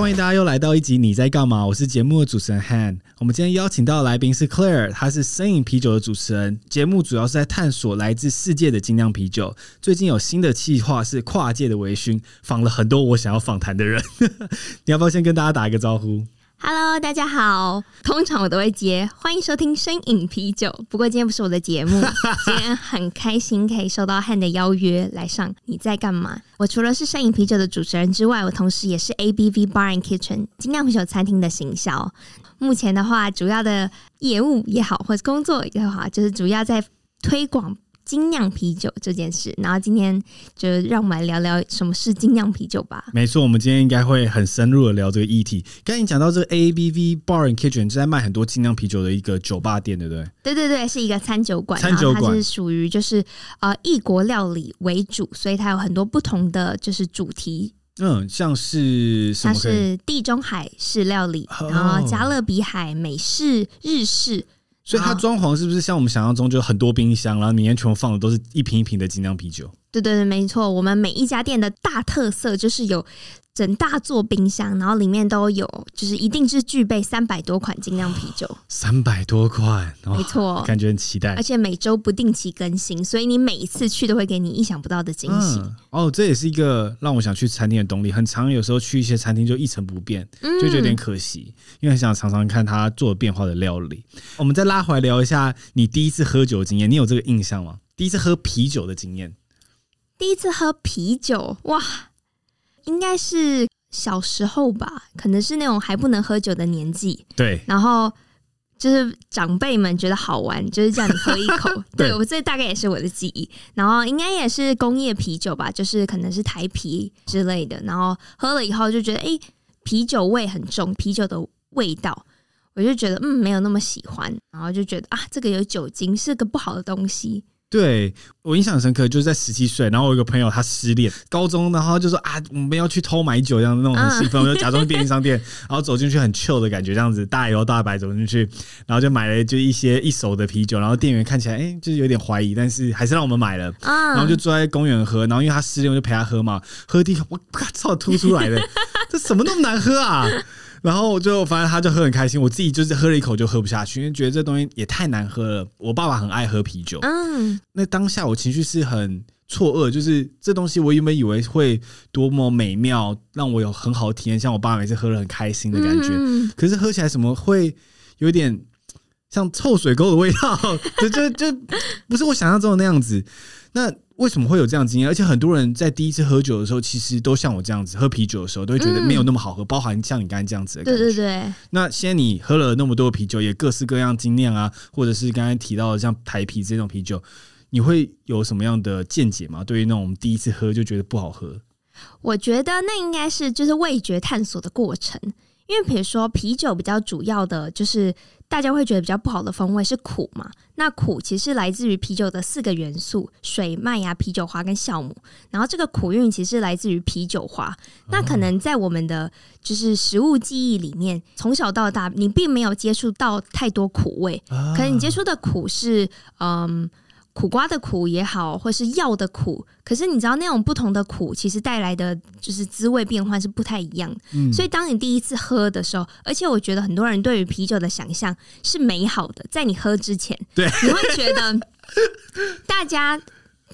歡迎大家又來到一集《你在幹嘛》。我是節目的主持人 Han。我們今天邀請到的來賓是 Claire，他是聲飲啤酒的主持人。節目主要是在探索來自世界的精釀啤酒。最近有新的計劃是跨界的微醺，訪了很多我想要訪談的人。 你要不要先跟大家打一個招呼？Hello，大家好。通常我都會接，歡迎收聽聲飲啤酒。不過今天不是我的節目，今天很開心可以收到 Hand 的邀約來上你在幹嘛？ 我除了是聲飲啤酒的主持人之外，我同時也是 ABV Bar and Kitchen 精釀啤酒餐廳的行銷。目前的話，主要的業務也好，或者工作也好，就是主要在推廣，精釀啤酒這件事，然後今天就讓我們來聊聊什麼是精釀啤酒吧。沒錯，我們今天應該會很深入的聊這個議題。剛才你講到這個 ABV Bar and Kitchen 是在賣很多精釀啤酒的一個酒吧店，對不對？對對對，是一個餐酒館，餐酒館是屬於就是、就是、呃異國料理為主，所以它有很多不同的就是主題。嗯，像是它是地中海式料理，然後加勒比海美式、哦、日式。所以它裝潢是不是像我們想象中，就很多冰箱，然後裡面全部放的都是一瓶一瓶的精釀啤酒？對對對，沒錯，我們每一家店的大特色就是有。整大座冰箱，然後裡面都有，就是一定是具備三百多款精釀啤酒。三百多款，沒錯，感覺很期待。而且每周不定期更新，所以你每一次去都會給你意想不到的驚喜。嗯。哦，這也是一個讓我想去餐廳的動力。很常有時候去一些餐廳就一成不變，就覺得有點可惜，嗯，因為很想嚐嚐看他做的變化的料理。我們再拉回來聊一下你第一次喝酒的經驗，你有這個印象嗎？第一次喝啤酒的經驗。第一次喝啤酒，哇！應該是小時候吧，可能是那種還不能喝酒的年紀。對，然後就是長輩們覺得好玩，就是叫你喝一口。 對，我這大概也是我的記憶。然後應該也是工業啤酒吧，就是可能是台啤之類的。然後喝了以後就覺得，欸，啤酒味很重，啤酒的味道，我就覺得嗯沒有那麼喜歡。然後就覺得啊，這個有酒精，是個不好的東西。對我印象深刻，就是在十七歲，然後我有個朋友他失戀，高中然後就說啊，我們要去偷買酒這樣子，那種很興奮，嗯、就假裝去便利商店， 然後走進去很 chill 的感覺，這樣子大搖大擺走進去，然後就買了就一些一手的啤酒，然後店員看起來哎就是有點懷疑，但是還是讓我們買了，嗯、然後就坐在公園喝，然後因為他失戀，我就陪他喝嘛，喝第一我操吐出來的，這什麼那麼難喝啊？ 然後最後發現，他就喝很開心。我自己就是喝了一口就喝不下去，因為覺得這東西也太難喝了。我爸爸很愛喝啤酒，嗯、那當下我情緒是很錯愕，就是這東西我原本以為會多麼美妙，讓我有很好體驗，像我爸每次喝得很開心的感覺、嗯。可是喝起來什麼會有點像臭水溝的味道，就就就不是我想象中的那樣子。那。為什麼會有這樣的經驗？而且很多人在第一次喝酒的時候，其實都像我這樣子，喝啤酒的時候都會覺得沒有那麼好喝，嗯，包含像你剛才這樣子的感覺。對對對。那現在你喝了那麼多啤酒，也各式各樣經驗啊，或者是剛才提到的像台啤這種啤酒，你會有什麼樣的見解嗎？對於那種第一次喝就覺得不好喝，我覺得那應該是就是味覺探索的過程，因為比如說啤酒比較主要的就是。大家會覺得比較不好的風味是苦嘛，那苦其實來自於啤酒的四個元素：水、麥芽、啊、啤酒花跟酵母。然後這個苦韻其實來自於啤酒花。那可能在我們的就是食物記憶裡面，從、哦、小到大你並沒有接觸到太多苦味，啊、可能你接觸的苦是嗯。苦瓜的苦也好，或是藥的苦，可是你知道那種不同的苦，其實帶來的就是滋味變換是不太一樣的。嗯、所以當你第一次喝的時候，而且我覺得很多人對於啤酒的想象是美好的，在你喝之前，對，你會覺得大家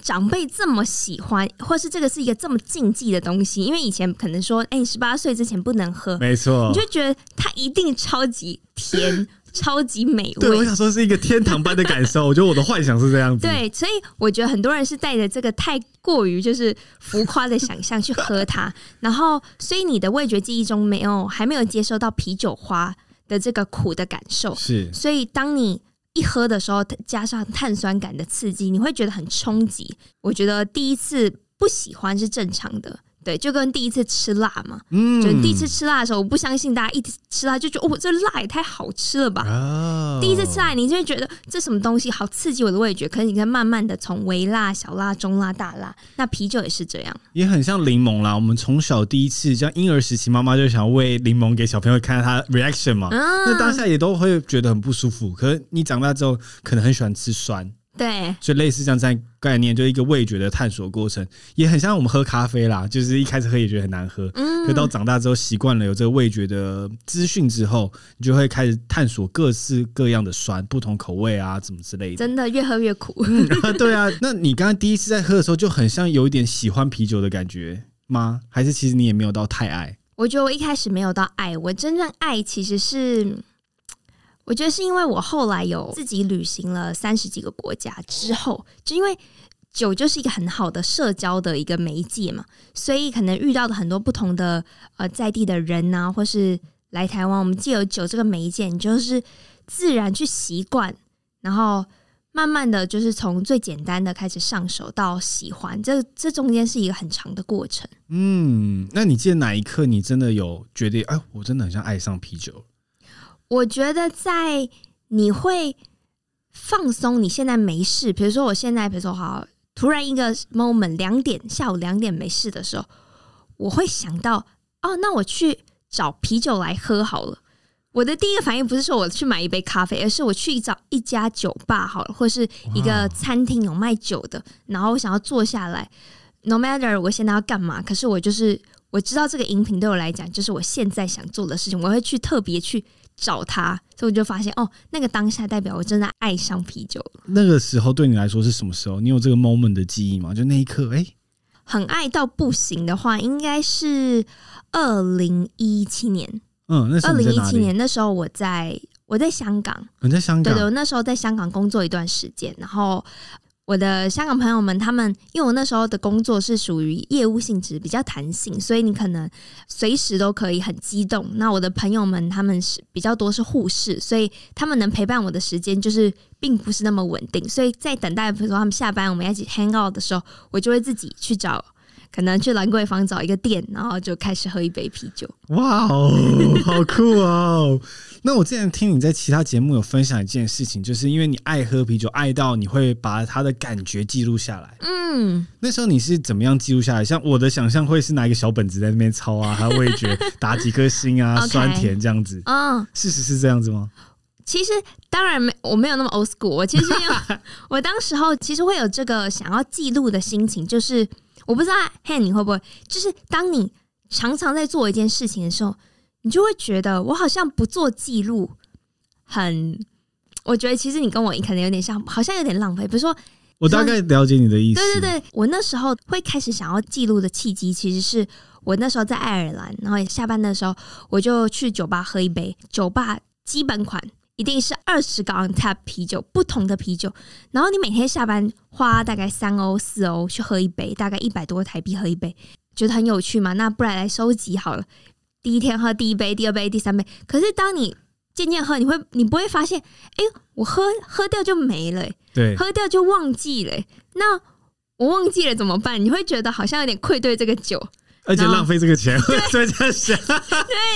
長輩這麼喜歡，或是這個是一個這麼禁忌的東西，因為以前可能說，哎、欸，十八歲之前不能喝，沒錯，你就會覺得它一定超級甜。超級美味。對，我想說是一個天堂般的感受。 我覺得我的幻想是這樣子。對，所以我覺得很多人是帶着這個太過於就是浮誇的想象去喝它， 然後所以你的味覺記憶中沒有，還沒有接收到啤酒花的這個苦的感受，是。所以當你一喝的時候，加上碳酸感的刺激，你會覺得很衝擊。我覺得第一次不喜歡是正常的。對，就跟第一次吃辣嘛。嗯，就第一次吃辣的時候，我不相信大家一直吃辣就覺得哦，這辣也太好吃了吧。哦。第一次吃辣，你就會覺得這什麼東西，好刺激我的味覺。可是你在慢慢的從微辣、小辣、中辣、大辣，那啤酒也是這樣，也很像檸檬啦。我們從小第一次，像嬰兒時期，媽媽就想餵檸檬給小朋友，看到他 reaction 嘛。那、啊、當下也都會覺得很不舒服。可是你長大之後，可能很喜歡吃酸。對，所以類似這樣子概念，就是一個味覺的探索過程，也很像我們喝咖啡啦，就是一開始喝也覺得很難喝，嗯，可到長大之後習慣了有這個味覺的資訊之後，你就會開始探索各式各樣的酸、不同口味啊，什麼之類的。真的越喝越苦。對啊，那你剛剛第一次在喝的時候，就很像有一點喜歡啤酒的感覺嗎？還是其實你也沒有到太愛？我覺得我一開始沒有到愛，我真正愛其實是。我覺得是因為我後來有自己旅行了三十幾個國家之後，就因為酒就是一個很好的社交的一個媒介嘛，所以可能遇到的很多不同的呃在地的人吶、啊，或是來台灣，我們借由酒這個媒介，就是自然去習慣，然後慢慢的就是從最簡單的開始上手到喜歡這，這這中間是一個很長的過程。嗯，那你記得哪一刻你真的有覺得哎，我真的很像愛上啤酒？我覺得在你會放鬆，你現在沒事。比如說，我現在比如說好，突然一個 moment，兩點下午兩點沒事的時候，我會想到哦，那我去找啤酒來喝好了。我的第一個反應不是說我去買一杯咖啡，而是我去找一家酒吧好了，或是一個餐廳有賣酒的，Wow. 然後我想要坐下來。No matter 我現在要幹嘛，可是我就是我知道這個飲品對我來講就是我現在想做的事情，我會去特別去。找他，所以我就發現哦，那個當下代表我真的愛上啤酒了。那個時候對你來說是什麼時候？你有這個 moment 的記憶嗎？就那一刻，哎、欸，很愛到不行的話，應該是二零一七年。嗯，二零一七年那時候我在我在香港。你在香港？香港對，對對，我那時候在香港工作一段時間，然後。我的香港朋友們，他們因為我那時候的工作是屬於業務性質，比較彈性，所以你可能隨時都可以很機動。那我的朋友們，他們是比較多是護士，所以他們能陪伴我的時間就是並不是那麼穩定。所以在等待的時候，他們下班，我們要一起 hang out 的時候，我就會自己去找，可能去蘭桂坊找一個店，然後就開始喝一杯啤酒。哇哦，好酷哦！那我之前聽你在其他節目有分享一件事情，就是因為你愛喝啤酒，愛到你會把它的感覺記錄下來。嗯，那時候你是怎麼樣記錄下來？像我的想象會是拿一個小本子在那邊抄啊，還有味覺 打幾顆星啊， 酸甜這樣子。嗯、Okay. Oh,，事實是這樣子嗎？其實當然沒，我沒有那麼 old school。我其實有， 我當時候其實會有這個想要記錄的心情，就是我不知道，嘿、Hey,，你會不會？就是當你常常在做一件事情的時候。你就會覺得我好像不做記錄，很，我覺得其實你跟我可能有點像，好像有點浪費。比如說，我大概了解你的意思。對對對，我那時候會開始想要記錄的契機，其實是我那時候在愛爾蘭，然後下班的時候我就去酒吧喝一杯，酒吧基本款一定是二十個 on tap 啤酒，不同的啤酒。然後你每天下班花大概三歐四歐去喝一杯，大概一百多台幣喝一杯，覺得很有趣嘛？那不然來收集好了。第一天喝第一杯，第二杯，第三杯。可是當你漸漸喝，你會你不會發現，哎、欸，我喝喝掉就沒了、欸，對，喝掉就忘記了、欸。那我忘記了怎麼辦？你會覺得好像有點愧對這個酒，而且浪費這個錢。對，對， 對，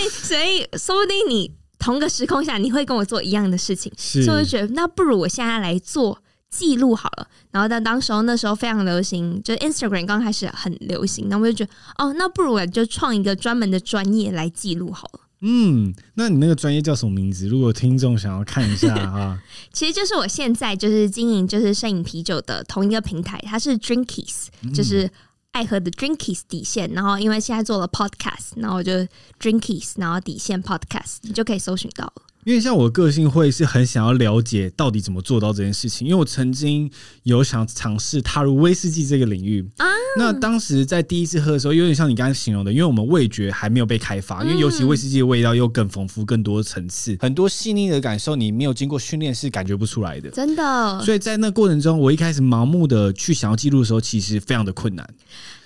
所以說不定你同個時空下，你會跟我做一樣的事情，所以我就覺得那不如我現在來做。記錄好了，然後但當時候那時候非常流行，就 Instagram 剛開始很流行，那我就覺得哦，那不如我就創一個專門的專頁來記錄好了。嗯，那你那個專頁叫什麼名字？如果聽眾想要看一下啊， 其實就是我現在就是經營就是聲飲啤酒的同一個平台，它是 Drinkies，就是愛喝的 Drinkies 底線。然後因為現在做了 podcast，然後就 Drinkies，然後底線 podcast，你就可以搜尋到了。因為像我個性會是很想要了解到底怎麼做到這件事情，因為我曾經有想嘗試踏入威士忌這個領域。啊，那當時在第一次喝的時候，有點像你剛剛形容的，因為我們味覺還沒有被開發，因為尤其威士忌的味道又更豐富、更多層次，很多細膩的感受你沒有經過訓練是感覺不出來的。真的，所以在那過程中，我一開始盲目的去想要記錄的時候，其實非常的困難。嗯。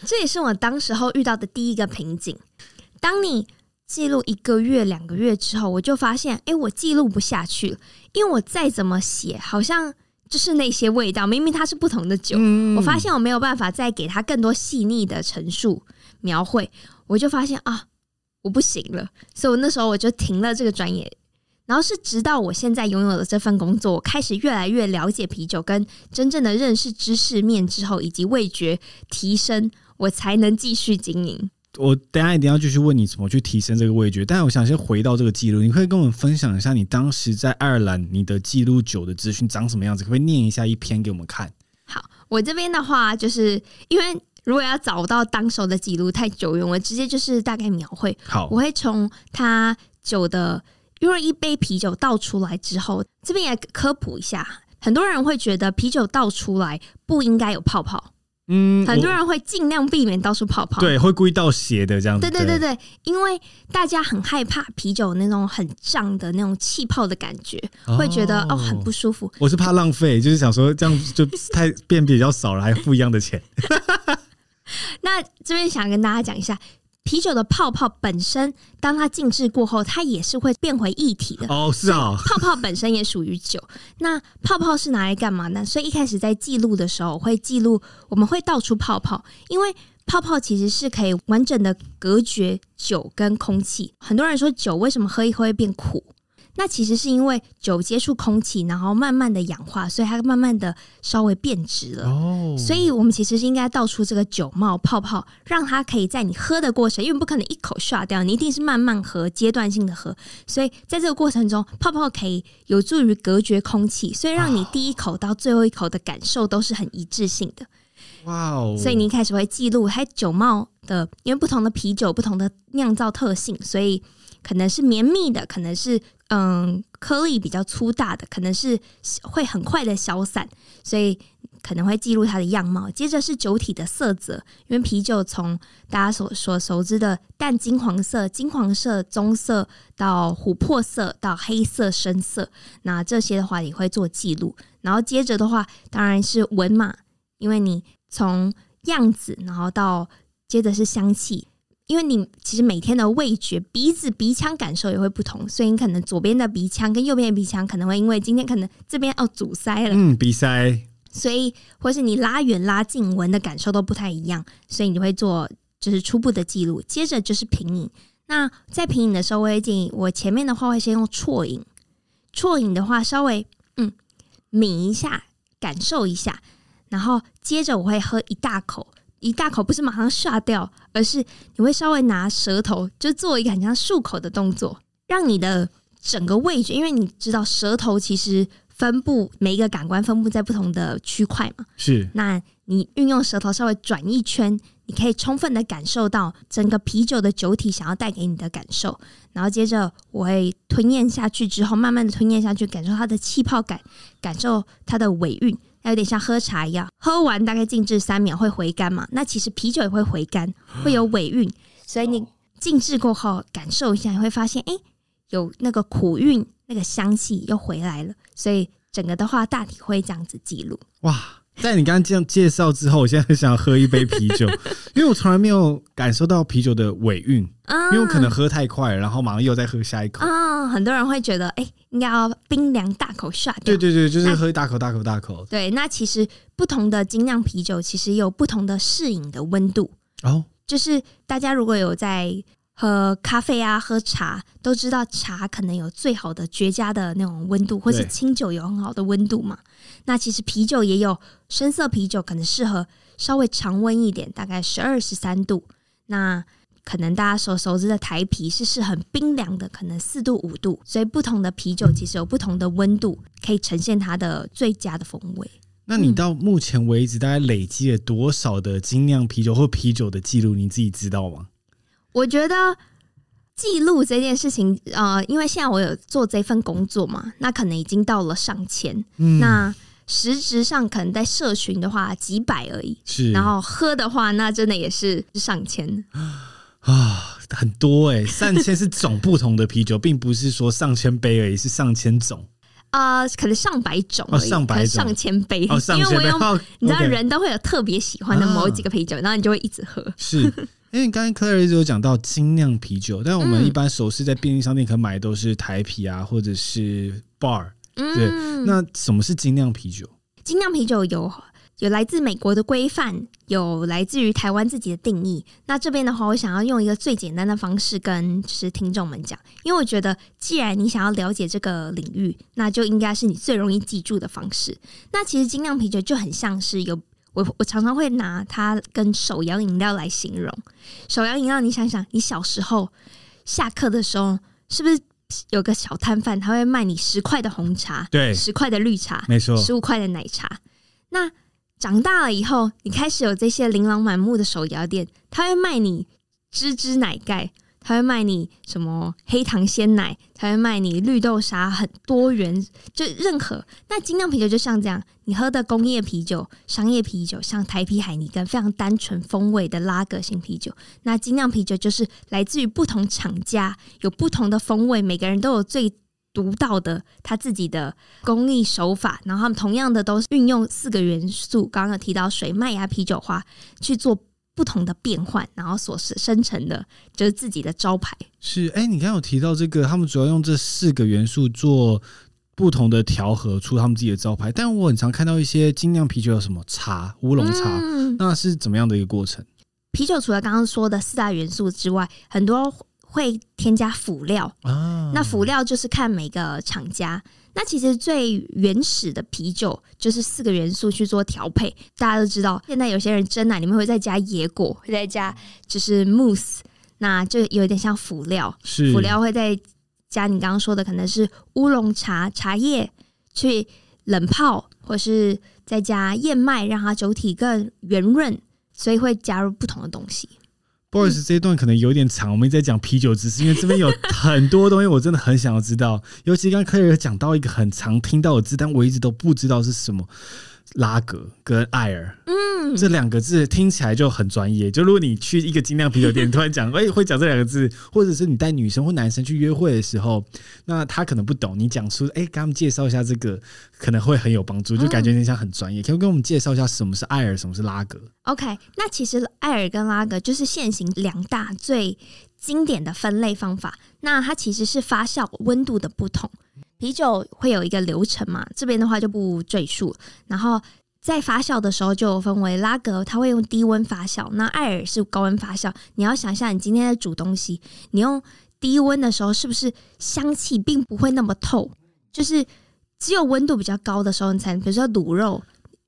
嗯，這也是我當時候遇到的第一個瓶頸。當你。記錄一個月，兩個月之後，我就發現，哎、欸，我記錄不下去了，因為我再怎麼寫，好像就是那些味道，明明它是不同的酒，嗯、我發現我沒有辦法再給它更多細膩的陳述描繪，我就發現啊，我不行了，所以，我那時候我就停了這個專業。然後是直到我現在擁有了這份工作，我開始越來越了解啤酒，跟真正的認識知識面之後，以及味覺提升，我才能繼續經營。我等下一定要繼續問你怎麼去提升這個味覺，但是我想先回到這個記錄，你可以跟我們分享一下你當時在愛爾蘭你的記錄酒的資訊長什麼樣子，可以念一下一篇給我們看。好，我這邊的話就是因為如果要找到當時的記錄太久遠，我直接就是大概描繪。好，我會從他酒的，因為一杯啤酒倒出來之後，這邊也科普一下，很多人會覺得啤酒倒出來不應該有泡泡。嗯，很多人會盡量避免到處泡泡，對，會故意倒斜的這樣子。對，對對對對，因為大家很害怕啤酒那種很脹的那種氣泡的感覺，會覺得哦，哦很不舒服。我是怕浪費，就是想說這樣就太變比，比較少了， 還付一樣的錢。 那這邊想跟大家講一下。啤酒的泡泡本身，當它靜置過後，它也是會變回液體的。哦，是啊，泡泡本身也屬於酒。 那泡泡是拿來幹嘛呢？所以一開始在記錄的時候，我會記錄我們會倒出泡泡，因為泡泡其實是可以完整的隔絕酒跟空氣。很多人說酒為什麼喝一喝會變苦？那其實是因為酒接觸空氣，然後慢慢的氧化，所以它慢慢的稍微變質了。Oh. 所以我們其實是應該倒出這個酒帽泡泡，讓它可以在你喝的過程，因為不可能一口刷掉，你一定是慢慢喝，階段性的喝。所以在這個過程中，泡泡可以有助於隔絕空氣，所以讓你第一口到最後一口的感受都是很一致性的。哇哦！所以你一開始會記錄它酒帽的因為不同的啤酒，不同的釀造特性，所以可能是綿密的，可能是，嗯，顆粒比較粗大的，可能是會很快的消散，所以可能會記錄它的樣貌。接着是酒體的色澤，因為啤酒從大家所所熟知的淡金黃色、金黃色、棕色到琥珀色到黑色深色，那這些的話也會做記錄。然後接着的話，當然是聞嘛，因為你從樣子，然後到接着是香氣。因為你其實每天的味覺、鼻子、鼻腔感受也會不同，所以你可能左邊的鼻腔跟右邊的鼻腔可能會因為今天可能這邊哦阻塞了，嗯，鼻塞，所以或是你拉遠、拉近聞的感受都不太一樣，所以你會做就是初步的記錄，接着就是品飲。那在品飲的時候，我會建議我前面的話會先用啜飲，啜飲的話稍微嗯抿一下感受一下，然後接着我會喝一大口。一大口不是馬上下掉，而是你會稍微拿舌頭，就做一個很像漱口的動作，讓你的整個味覺，因為你知道舌頭其實分布每一個感官分布在不同的區塊嘛。是，那你運用舌頭稍微轉一圈，你可以充分的感受到整個啤酒的酒體想要帶給你的感受。然後接着我會吞嚥下去之後，慢慢的吞嚥下去，感受它的氣泡感，感受它的尾韻。有點像喝茶一樣，喝完大概靜置三秒會回甘嘛？那其實啤酒也會回甘，會有尾韻，所以你靜置過後感受一下，你會發現哎、欸，有那個苦韻，那個香氣又回來了。所以整個的話，大體會這樣子記錄。哇！在你剛剛這樣介紹之後，我現在很想喝一杯啤酒， 因為我從來沒有感受到啤酒的尾韻，因為我可能喝太快，然後馬上又再喝下一口。啊、嗯，很多人會覺得，哎，應該要冰涼大口涮。對對對，就是喝一大口、大口、大、啊、口。對，那其實不同的精釀啤酒其實有不同的適飲的溫度。哦，就是大家如果有在喝咖啡啊，喝茶都知道茶可能有最好的絕佳的那種溫度，或是清酒有很好的溫度嘛。那其實啤酒也有，深色啤酒可能適合稍微常溫一點，大概十二、十三度。那可能大家所熟知的台啤是是很冰涼的，可能四度、五度。所以不同的啤酒其實有不同的溫度，可以呈現它的最佳的風味。那你到目前為止大概累積了多少的精釀啤酒或啤酒的記錄，你自己知道嗎？嗯我覺得記錄這件事情，呃，因為現在我有做這份工作嘛，那可能已經到了上千。嗯，那實質上可能在社群的話，幾百而已。是，然後喝的話，那真的也是上千。啊、哦，很多哎、欸，上千是種不同的啤酒， 並不是說上千杯而已，是上千種。呃，可能上百種、哦，上百種，上千杯。哦，因為我用、哦、你知道人、okay、都會有特別喜歡的某幾個啤酒、啊，然後你就會一直喝。是。因為剛才 Claire 就有講到精釀啤酒，但我們一般首次在便利商店可買的都是台啤啊，或者是 Bar、嗯。對，那什麼是精釀啤酒？精釀啤酒有有來自美國的規範，有來自於台灣自己的定義。那這邊的話，我想要用一個最簡單的方式跟就是聽眾們講，因為我覺得既然你想要了解這個領域，那就應該是你最容易記住的方式。那其實精釀啤酒就很像是有。我我常常會拿它跟手搖飲料來形容。手搖飲料，你想想，你小時候下課的時候，是不是有個小攤販，他會賣你十塊的紅茶？對，十塊的綠茶，沒錯，十五塊的奶茶。那長大了以後，你開始有這些琳琅滿目的手搖店，他會賣你芝芝奶蓋。他會賣你什麼黑糖鮮奶？他會賣你綠豆沙？很多元，就任何。那精釀啤酒就像這樣，你喝的工業啤酒、商業啤酒，像台啤海尼根，非常單純風味的拉格型啤酒。那精釀啤酒就是來自於不同廠家，有不同的風味，每個人都有最獨到的他自己的工藝手法。然後他們同樣的都是運用四個元素，剛剛有提到水、麥芽、啤酒花去做不同的變換，然後所生成的就是自己的招牌。是，哎、欸，你剛有提到這個，他們主要用這四個元素做不同的調和，出他們自己的招牌。但我很常看到一些精釀啤酒有什麼茶、烏龍茶、嗯，那是怎麼樣的一個過程？啤酒除了剛剛說的四大元素之外，很多會添加輔料啊。那輔料就是看每個廠家。那其實最原始的啤酒就是四個元素去做調配，大家都知道。現在有些人真奶裡面會再加野果，會再加就是 mousse，那就有點像輔料。是。輔料會再加你剛剛說的，可能是烏龍茶茶葉去冷泡，或是再加燕麥，讓它酒體更圓潤，所以會加入不同的東西。不好意思這一段可能有點長，我們一直在講啤酒知識，因為這邊有很多東西，我真的很想要知道。 尤其剛剛 Claire 講到一個很常聽到的字，但我一直都不知道是什麼。拉格跟艾爾，嗯，這兩個字聽起來就很專業。就如果你去一個精釀啤酒店， 突然講，哎、欸，會講這兩個字，或者是你帶女生或男生去約會的時候，那他可能不懂，你講出，哎、欸，給他們介紹一下這個，可能會很有幫助，就感覺你像很專業。嗯、可不可以跟我們介紹一下什麼是艾爾，什麼是拉格？OK，那其實艾爾跟拉格就是現行兩大最經典的分類方法。那它其實是發酵溫度的不同。啤酒會有一個流程嘛，這邊的話就不贅述。然後在發酵的時候就分為拉格，它會用低溫發酵；那艾爾是高溫發酵。你要想象你今天在煮東西，你用低溫的時候是不是香氣並不會那麼透？就是只有溫度比較高的時候，你才能比如說滷肉。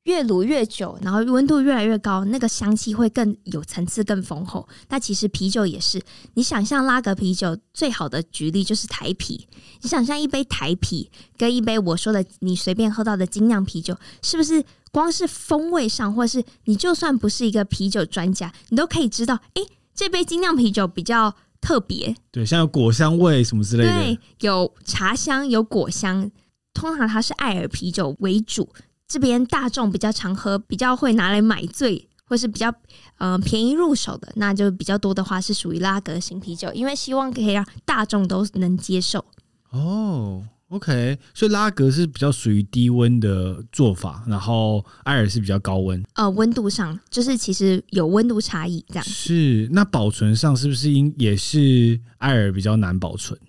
越滷越久，然後溫度越來越高，那個香氣會更有層次、更豐厚。那其實啤酒也是，你想象拉格啤酒最好的舉例就是台啤。你想象一杯台啤跟一杯我說的你隨便喝到的精釀啤酒，是不是光是風味上，或是你就算不是一個啤酒專家，你都可以知道，哎、欸，這杯精釀啤酒比較特別。對，像有果香味什麼之類的，對，有茶香，有果香。通常它是艾爾啤酒為主。這邊大眾比較常喝，比較會拿來買醉，或是比較呃便宜入手的，那就比較多的話是屬於拉格型啤酒，因為希望可以讓大眾都能接受。哦，OK，所以拉格是比較屬於低溫的做法，然後艾爾是比較高溫。呃，溫度上就是其實有溫度差異，這樣是。那保存上是不是也是艾爾比較難保存？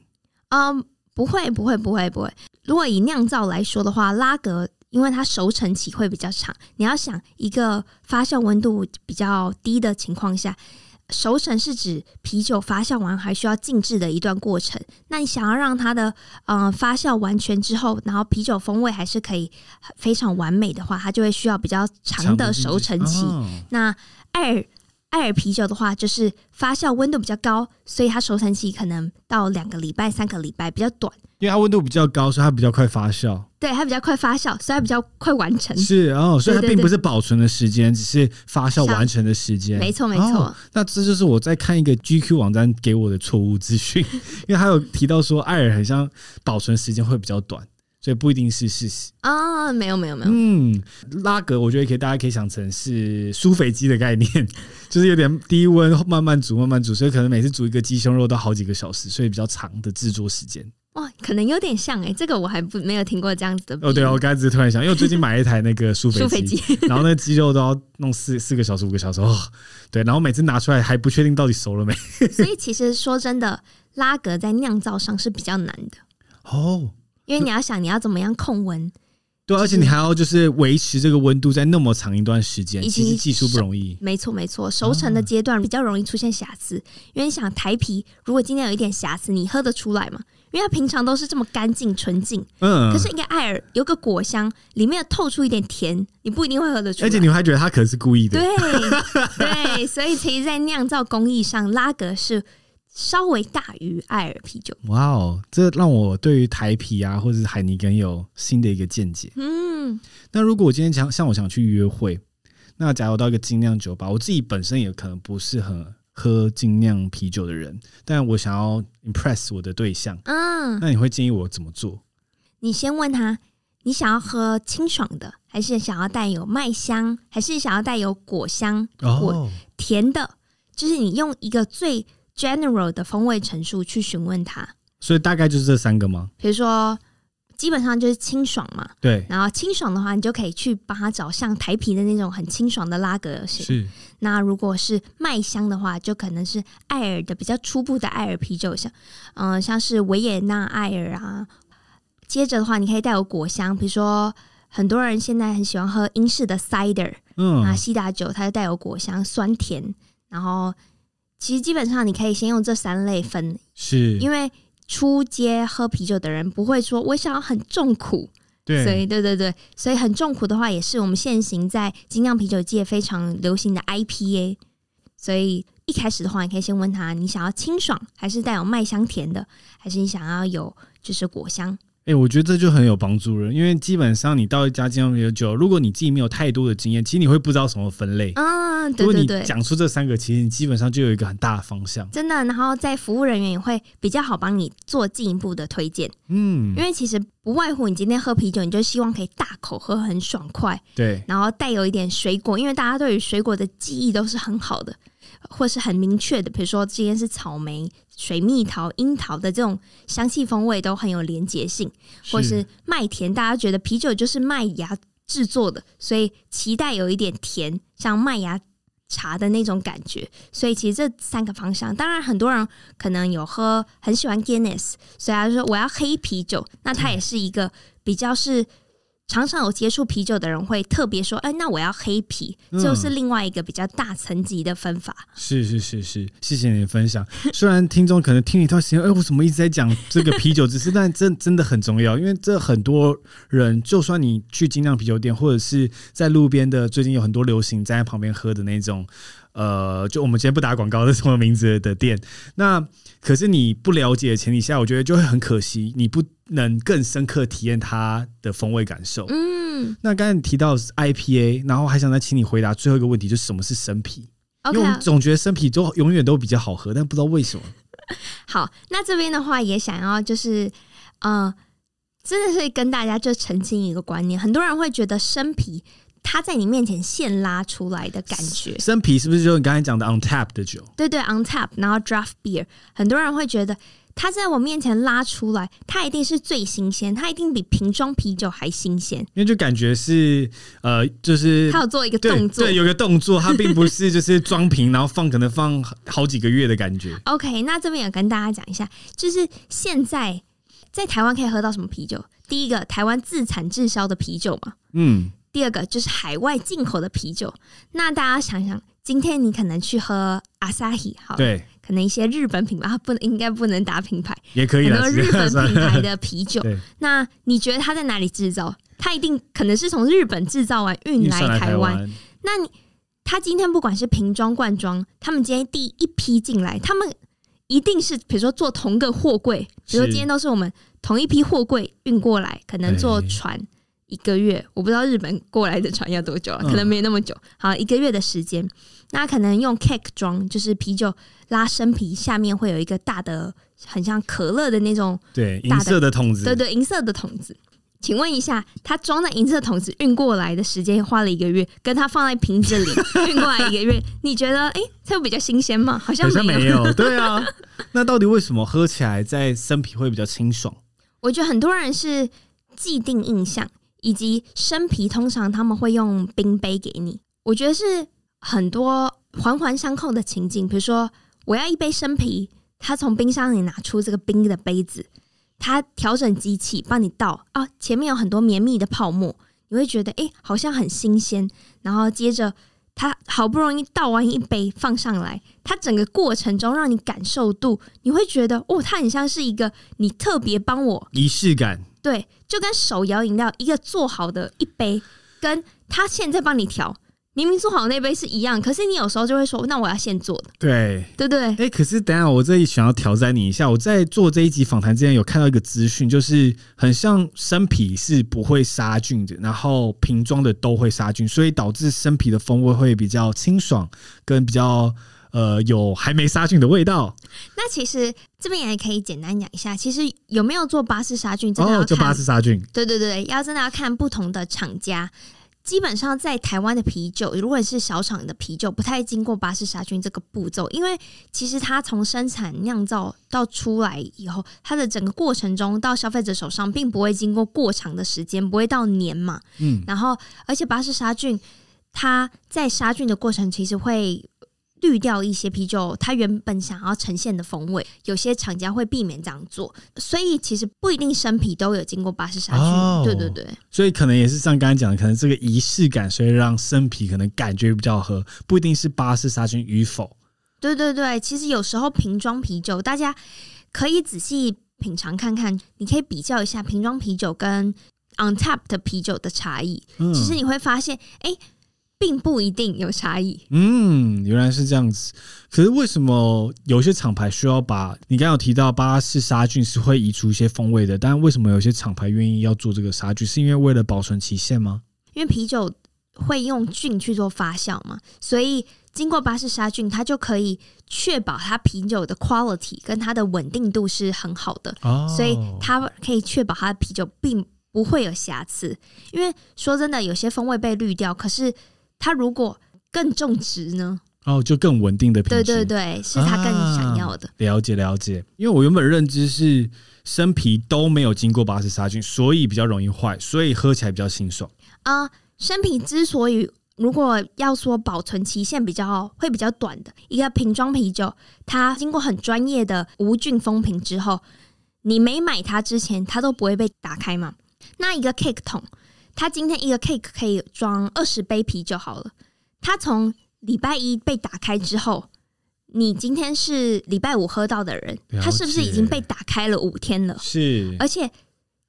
嗯，不會，不會，不會，不會。 如果以釀造來說的話，拉格。因為它熟成期會比較長，你要想一個發酵溫度比較低的情況下。熟成是指啤酒發酵完還需要靜置的一段過程。那你想要讓它的嗯、呃、發酵完全之後，然後啤酒風味還是可以非常完美的話，它就會需要比較長的熟成期。期哦、那二。艾爾啤酒的話，就是發酵溫度比較高，所以它熟成期可能到兩個禮拜、三個禮拜比較短。因為它溫度比較高，所以它比較快發酵。對，它比較快發酵，所以它比較快完成。是，然後，哦，所以它並不是保存的時間，只是發酵完成的時間。沒錯，沒錯。哦，那這就是我在看一個 GQ 網站給我的錯誤資訊，因為他有提到說，艾爾好像保存時間會比較短。所以不一定是事實啊，沒有沒有沒有。嗯，拉格我覺得可以，大家可以想成是舒肥雞的概念，就是有點低溫慢慢煮慢慢煮，所以可能每次煮一個雞胸肉都好幾個小時，所以比較長的制作時間。哇、哦，可能有點像哎、欸，這個我還不沒有聽過這樣子的。哦，對、啊、我剛才只是突然想，因為我最近買了一台那個舒肥， 肥雞，然後那雞肉都要弄四四個小時五個小時哦，對，然後每次拿出來還不確定到底熟了沒。 所以其實說真的，拉格在釀造上是比較難的。哦。因為你要想你要怎麼樣控溫，對、就是，而且你還要就是維持這個溫度在那麼長一段時間，其實技術不容易。沒錯沒錯，熟成的階段比較容易出現瑕疵，啊、因為你想台啤如果今天有一點瑕疵，你喝得出來嗎？因為它平常都是這麼乾淨純淨，嗯，可是應該艾爾有個果香，裡面透出一點甜，你不一定會喝得出來，而且你還覺得它可是故意的，對，對 對，所以其實在釀造工藝上，拉格是。稍微大於愛爾啤酒。哇哦，這讓我對於台啤啊，或者是海尼根有新的一個見解。嗯，那如果我今天想，像我想去約會，那假如到一個精釀酒吧，我自己本身也可能不是很喝精釀啤酒的人，但我想要 impress 我的對象，嗯，那你會建議我怎麼做？你先問他，你想要喝清爽的，還是想要帶有麥香，還是想要帶有果香、然、哦、後甜的？就是你用一個最 General 的風味陳述去詢問他，所以大概就是這三個嗎？比如說，基本上就是清爽嘛。對，然後清爽的話，你就可以去幫他找像台啤的那種很清爽的拉格。是。那如果是麥香的話，就可能是艾爾的比較初步的艾爾啤酒，像、呃、嗯，像是維也納艾爾啊。接着的話，你可以帶有果香，比如說很多人現在很喜歡喝英式的 Cider，嗯，啊，西打酒，它就帶有果香、酸甜，然後。其實基本上你可以先用這三類分，是因為出街喝啤酒的人不會說我想要很重苦，對，對對對，所以很重苦的話也是我們現行在精釀啤酒界非常流行的 IPA。所以一開始的話，你可以先問他你想要清爽還是帶有麥香甜的，還是你想要有就是果香。哎、欸，我覺得這就很有幫助了，因為基本上你到一家精釀啤酒，如果你自己沒有太多的經驗，其實你會不知道什麼分類。嗯，對對對。如果你講出這三個，其實你基本上就有一個很大的方向。真的，然後在服務人員也會比較好幫你做進一步的推薦。嗯，因為其實不外乎你今天喝啤酒，你就希望可以大口喝很爽快。對，然後帶有一點水果，因為大家對於水果的記憶都是很好的。或是很明確的，比如說今天是草莓、水蜜桃、櫻桃的這種香氣風味都很有連結性，或是麥甜，大家覺得啤酒就是麥芽制作的，所以期待有一點甜，像麥芽茶的那種感覺。所以其實這三個方向，當然很多人可能有喝很喜歡 Guinness，所以他就說我要黑啤酒，那它也是一個比較是。常常有接觸啤酒的人會特別說：“哎、欸，那我要黑啤、嗯，就是另外一個比較大層級的分法。”是是是是，謝謝你分享。雖然聽眾可能聽一段時間，哎、 欸，為什麼一直在講這個啤酒？只是，但真真的很重要，因為這很多人，就算你去精釀啤酒店，或者是在路邊的，最近有很多流行站在、在旁邊喝的那種。呃，就我們今天不打廣告，是什麼名字的店？那可是你不了解的前提下，我覺得就會很可惜，你不能更深刻體驗它的風味感受。嗯，那剛才你提到 IPA，然後還想再請你回答最後一個問題，就是什麼是生啤？Okay、因為我們總覺得生啤都永遠都比較好喝，但不知道為什麼。好，那這邊的話也想要就是，呃，真的是跟大家就澄清一個觀念，很多人會覺得生啤。他在你面前現拉出來的感覺，生啤是不是就是你剛才講的 on tap 的酒？對對，on tap，然後 draft beer，很多人會覺得他在我面前拉出來，他一定是最新鮮，他一定比瓶裝啤酒還新鮮。因為就感覺是呃，就是他有做一個動作，對，對，有一個動作，他並不是就是裝瓶 然後放，可能放好幾個月的感覺。OK，那這邊也跟大家講一下，就是現在在台灣可以喝到什麼啤酒？第一個，台灣自產自銷的啤酒嘛，嗯。第二個就是海外進口的啤酒，那大家想想，今天你可能去喝 Asahi，好，對，可能一些日本品牌，它不能應該不能打品牌，也可以，很多日本品牌的啤酒。那你覺得它在哪裡製造？它一定可能是從日本製造完運來台灣。那你它今天不管是瓶裝、罐裝，他們今天第一批進來，他們一定是比如說做同個貨櫃，比如說今天都是我們同一批貨櫃運過來，可能坐船。一個月，我不知道日本過來的船要多久，啊嗯，可能沒那麼久。好，一個月的時間，那可能用 keg 裝，就是啤酒拉生啤，下面會有一個大的，很像可樂的那種，對，銀色的桶子，對對、對，銀色的桶子。請問一下，它裝在銀色桶子運過來的時間花了一個月，跟它放在瓶子裡運 過來一個月，你覺得，哎、欸，它會比較新鮮嗎，好像？好像沒有，對啊。 那到底為什麼喝起來在生啤會比較清爽？我覺得很多人是既定印象。以及生啤，通常他們會用冰杯給你。我覺得是很多環環相扣的情景，比如說我要一杯生啤，他從冰箱裡拿出這個冰的杯子，他調整機器幫你倒啊，前面有很多綿密的泡沫，你會覺得哎、欸，好像很新鮮。然後接着他好不容易倒完一杯放上來，他整個過程中讓你感受度，你會覺得哦，他很像是一個你特別幫我儀式感。對，就跟手搖飲料，一個做好的一杯，跟他現在幫你調，明明做好那杯是一樣，可是你有時候就會說，那我要現做的，對對不對？哎、欸，可是等一下我這裡想要挑戰你一下，我在做這一集訪談之前，有看到一個資訊，就是很像生啤是不會殺菌的，然後瓶裝的都會殺菌，所以導致生啤的風味會比較清爽，跟比較。呃，有還沒殺菌的味道。那其實這邊也可以簡單講一下，其實有沒有做巴氏殺菌真的要看，哦，做巴氏殺菌，對對對，要真的要看不同的廠家。基本上在台灣的啤酒，如果是小廠的啤酒，不太經過巴氏殺菌這個步驟，因為其實它從生產釀造到出來以後，它的整個過程中到消費者手上，並不會經過過長的時間，不會到年嘛。嗯，然後而且巴氏殺菌，它在殺菌的過程其實會。濾掉一些啤酒，它原本想要呈現的風味，有些廠家會避免這樣做，所以其實不一定生啤都有經過巴氏殺菌。Oh, 對對對，所以可能也是像剛剛講的，可能這個儀式感，所以讓生啤可能感覺比較喝，不一定是巴氏殺菌與否。對對對，其實有時候瓶裝啤酒大家可以仔細品嘗看看，你可以比較一下瓶裝啤酒跟 on tap 的啤酒的差異。嗯、其實你會發現，哎、欸。並不一定有差異。嗯，原來是這樣子。可是為什麼有些廠牌需要把？你剛剛有提到巴氏殺菌是會移除一些風味的，但為什麼有些廠牌願意要做這個殺菌？是因為為了保存期限嗎？因為啤酒會用菌去做發酵嘛，所以經過巴氏殺菌，它就可以確保它啤酒的 quality 跟它的穩定度是很好的。哦。所以它可以確保它的啤酒並不會有瑕疵。因為說真的，有些風味被濾掉，可是。它如果更種植呢？哦，就更穩定的品質。對對對，是他更想要的。啊、了解了解，因為我原本認知是生啤都沒有經過巴氏殺菌，所以比較容易壞，所以喝起來比較清爽。啊、呃，生啤之所以如果要說保存期限比較會比較短的，一個瓶裝啤酒，它經過很專業的無菌封瓶之後，你沒買它之前，它都不會被打開嘛？那一個 cake 桶。他今天一個 cake 可以裝二十杯啤酒，好了。他從禮拜一被打開之後，你今天是禮拜五喝到的人，他是不是已經被打開了五天了？是。而且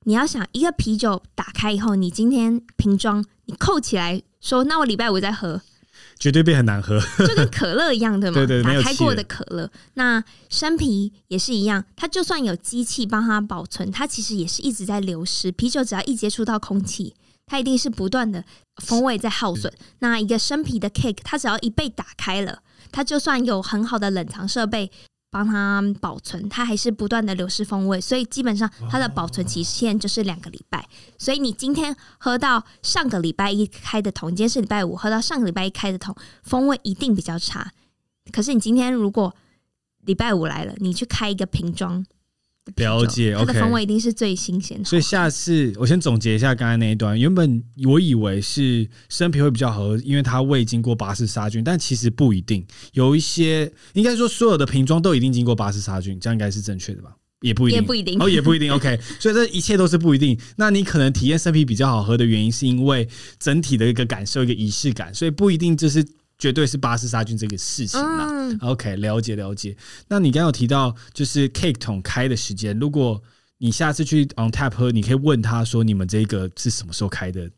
你要想，一個啤酒打開以後，你今天瓶裝你扣起來說，那我禮拜五再喝，絕對變很難喝，就跟可樂一樣，對嗎？打開過的可樂，那生啤也是一樣。它就算有機器幫它保存，它其實也是一直在流失。啤酒只要一接觸到空氣，它一定是不斷的風味在耗損。那一個生啤的 keg，它只要一被打開了，它就算有很好的冷藏設備幫它保存，它還是不斷的流失風味。所以基本上它的保存期限就是兩個禮拜。所以你今天喝到上個禮拜一開的桶，今天是禮拜五，喝到上個禮拜一開的桶，風味一定比較差。可是你今天如果禮拜五來了，你去開一個瓶裝。了解，OK，它的風味一定是最新鮮的。所以下次我先總結一下剛才那一段。原本我以為是生啤會比較好喝，因為它未經過巴氏殺菌，但其實不一定。有一些應該說所有的瓶裝都一定經過巴氏殺菌，這樣應該是正確的吧？也不一定，也不一定，哦，也不一定 ，OK。所以這一切都是不一定。那你可能體驗生啤比較好喝的原因，是因為整體的一個感受、一個儀式感，所以不一定就是。絕對是巴斯殺菌這個事情嘛、嗯。OK，了解了解。那你剛剛有提到就是 cake 桶開的時間，如果你下次去 on tap 喝，你可以問他說你們這個是什麼時候開的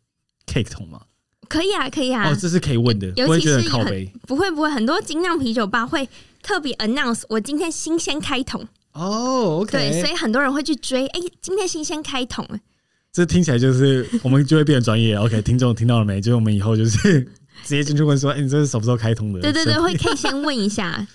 cake 桶嗎？可以啊，可以啊。哦，這是可以問的。尤其是不會覺得很靠北？不會不會，很多精釀啤酒吧會特別 announce 我今天新鮮開桶。哦、oh,，OK。對，所以很多人會去追，哎、欸，今天新鮮開桶。這聽起來就是我們就會變得專業。 OK，聽眾聽到了沒？就是我們以後就是。 直接進去問說：“哎、欸，你這是什麼時候開通的？”對對對，會可以先問一下。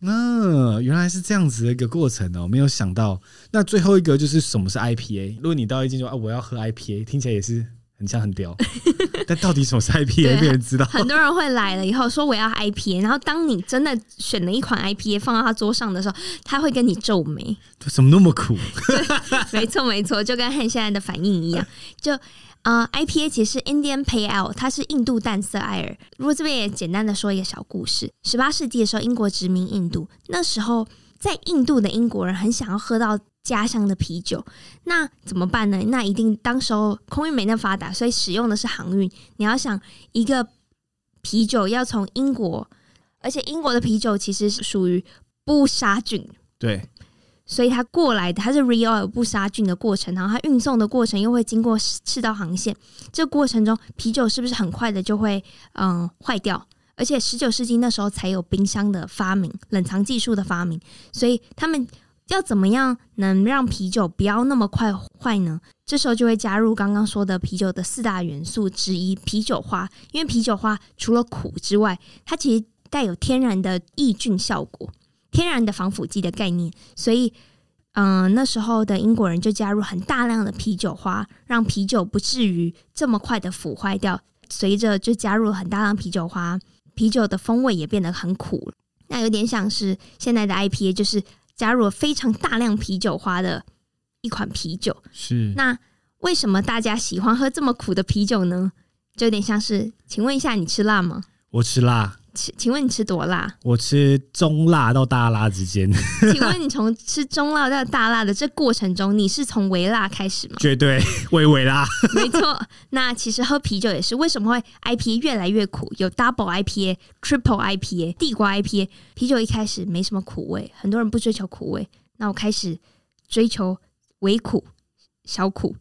那 啊、原來是這樣子的一個過程哦、喔，沒有想到。那最後一個就是什麼是 IPA？如果你到一進去啊，我要喝 IPA，聽起來也是很像很屌。 但到底什麼是 IPA，沒人知道。很多人會來了以後說：“我要 IPA。”然後當你真的選了一款 IPA 放到他桌上的時候，他會跟你皺眉。怎麼那麼苦？沒 錯，沒錯，就跟漢現在的反應一樣，就。 啊，uh，IPA 其實是 Indian Pale，它是印度淡色艾爾。如果這邊也簡單的說一個小故事，十八世紀的時候，英國殖民印度，那時候在印度的英國人很想要喝到家鄉的啤酒，那怎麼辦呢？那一定當時候空運沒那麼發達，所以使用的是航運。你要想一個啤酒要從英國，而且英國的啤酒其實是屬於不殺菌，對。所以它過來的，它是 real 不殺菌的過程，然後它運送的過程又會經過赤道航線，這過程中啤酒是不是很快的就會嗯壞掉？而且十九世紀那時候才有冰箱的發明，冷藏技術的發明，所以他們要怎麼樣能讓啤酒不要那麼快壞呢？這時候就會加入剛剛說的啤酒的四大元素之一——啤酒花，因為啤酒花除了苦之外，它其實帶有天然的抑菌效果。天然的防腐劑的概念，所以，嗯、呃，那時候的英國人就加入很大量的啤酒花，讓啤酒不至於這麼快的腐壞掉。隨着就加入了很大量啤酒花，啤酒的風味也變得很苦。那有點像是現在的 IPA，就是加入了非常大量啤酒花的一款啤酒。是那為什麼大家喜歡喝這麼苦的啤酒呢？就有點像是，請問一下，你吃辣嗎？我吃辣。請請問你吃多辣？我吃中辣到大辣之間。請問你從吃中辣到大辣的這過程中，你是從微辣開始嗎？絕對微微辣，沒錯。那其實喝啤酒也是，為什麼會 IPA 越來越苦？有 Double IPA、Triple IPA、地瓜 IPA。啤酒一開始沒什麼苦味，很多人不追求苦味。那我開始追求微苦、小苦。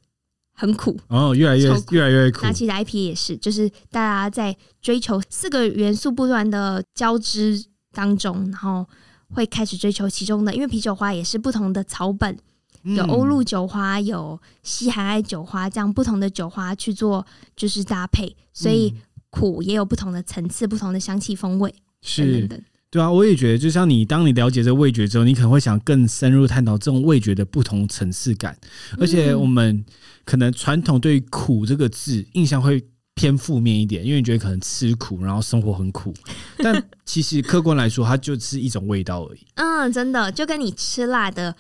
很苦哦，越來越越來越苦。那其實 IP 也是，就是大家在追求四個元素不斷的交織當中，然後會開始追求其中的，因為啤酒花也是不同的草本，嗯、有歐陸酒花，有西海岸酒花，這樣不同的酒花去做就是搭配，所以苦也有不同的層次、嗯、不同的香氣風味，等等，是的，對啊，我也覺得，就像你當你了解這味覺之後，你可能會想更深入探討這種味覺的不同層次感，而且我們。可能傳統對“苦”這個字印象會偏負面一點，因為你覺得可能吃苦，然後生活很苦。但其實客觀來說，它就是一種味道而已。 嗯，真的，就跟你吃辣的，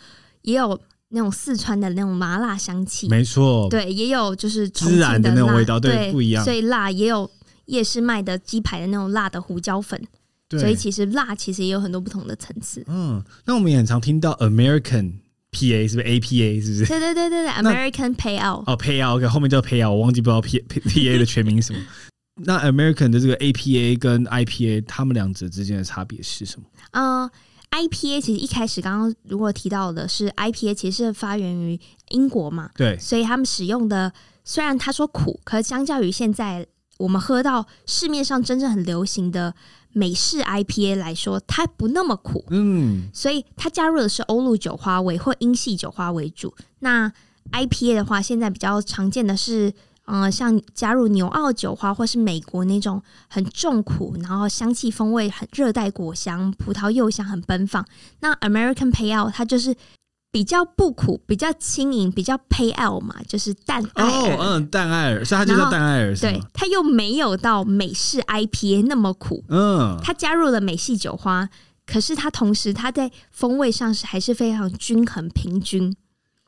也有那種四川的那種麻辣香氣。沒錯，對，也有就是孜然的那種味道對，對，不一樣。所以辣也有夜市賣的雞排的那種辣的胡椒粉對。所以其實辣其實也有很多不同的層次。嗯，那我們也很常聽到 American。P A 是不是 A P A 是不是？對對對對對，American Pale Ale 哦，Pale Ale，okay，後面叫 Pale Ale，我忘記不知道 P P A 的全名是什麼。 那 American 的這個 A P A 跟 I P A，他們兩者之間的差別是什麼？嗯，呃，I P A 其實一開始剛剛如果提到的是 I P A，其實是發源於英國嘛，對，所以他們使用的雖然他說苦，可是相較於現在我們喝到市面上真正很流行的。美式 IPA 來說，它不那麼苦，嗯，所以它加入的是歐陸酒花味或英系酒花為主。那 IPA 的話，現在比較常見的是，呃，像加入紐澳酒花或是美國那種很重苦，然後香氣風味很熱帶果香、葡萄柚香很奔放。那 American Pale Ale 它就是。比較不苦，比較輕盈，比較 pale 嘛，就是淡艾爾。哦，嗯，淡艾爾，所以他叫做淡艾爾。對，他又沒有到美式 IPA 那麼苦。嗯，他加入了美系酒花，可是他同時他在風味上是還是非常均衡平均。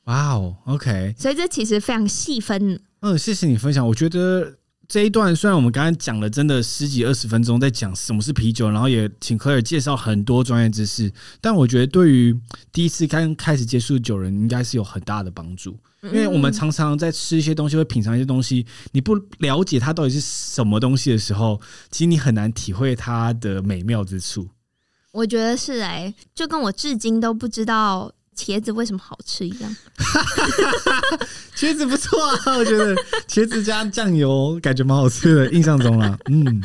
哇哦，OK，所以這其實非常細分。嗯，謝謝你分享，我覺得，這一段雖然我們剛剛講了真的十幾二十分鐘在講什麼是啤酒，然後也請 Claire 介紹很多專業知識，但我覺得對於第一次剛開始接觸酒人應該是有很大的幫助，因為我們常常在吃一些東西會品嚐一些東西，你不了解它到底是什麼東西的時候，其實你很難體會它的美妙之處。我覺得是誒、欸，就跟我至今都不知道。茄子為什麼好吃？一樣， 茄子不錯啊，我覺得茄子加醬油感覺蠻好吃的，印象中了。嗯，